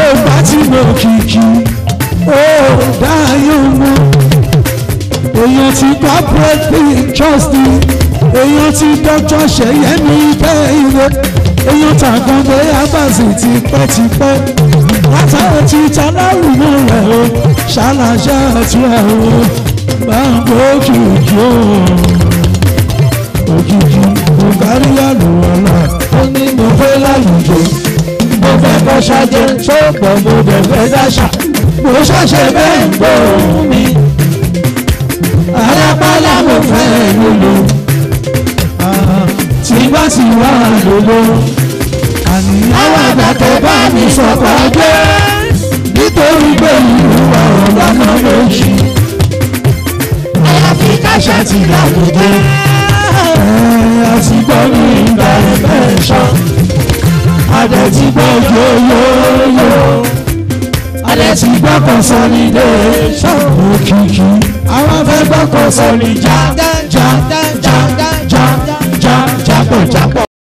ọgbà tí mo kìkì. Oh, Dayọ̀mọ́. Èèyàn ti gba breaking trusty. Èèyàn ti dọ́jọ́ ṣẹ̀yẹ́mí bẹ́ẹ̀ ilé. Èèyàn tàgbọ́ngbé Abasi ti pẹ́ ti pẹ́. Látàrí ti Tàlárùmọ́ rẹ̀ o, ṣàlàyé àti ẹ̀ o, bá ń gbójú yó. Òjijì kò kárí àlùwọ̀lá, ó ní mo fẹ́ lálùjọ. Mo fẹ́ kọ́ ṣáájú tó pọ̀ mo bẹ̀ fẹ́ dáṣà kò ṣàṣẹ bẹ́ẹ̀ ń gbóhùn mi alápálá mo fẹ́ lòlò tí bá sì wà lòlò àwọn àgbàtẹ bá mi sọ̀kọ̀ gbé nítorí pé ìwà ọ̀gá náà lójì àyàfi káṣá ti làkúté àti gbọ́ ní ìgbà ẹ̀fẹ́ ṣan àdẹ̀tí gbọ́ yóyóyó alẹ́sì gbọ́ consolidation òkìkí àwọn fẹ́ gbọ́ consolidation jágá jágá jágá jágá jágá jágá jágá jágá.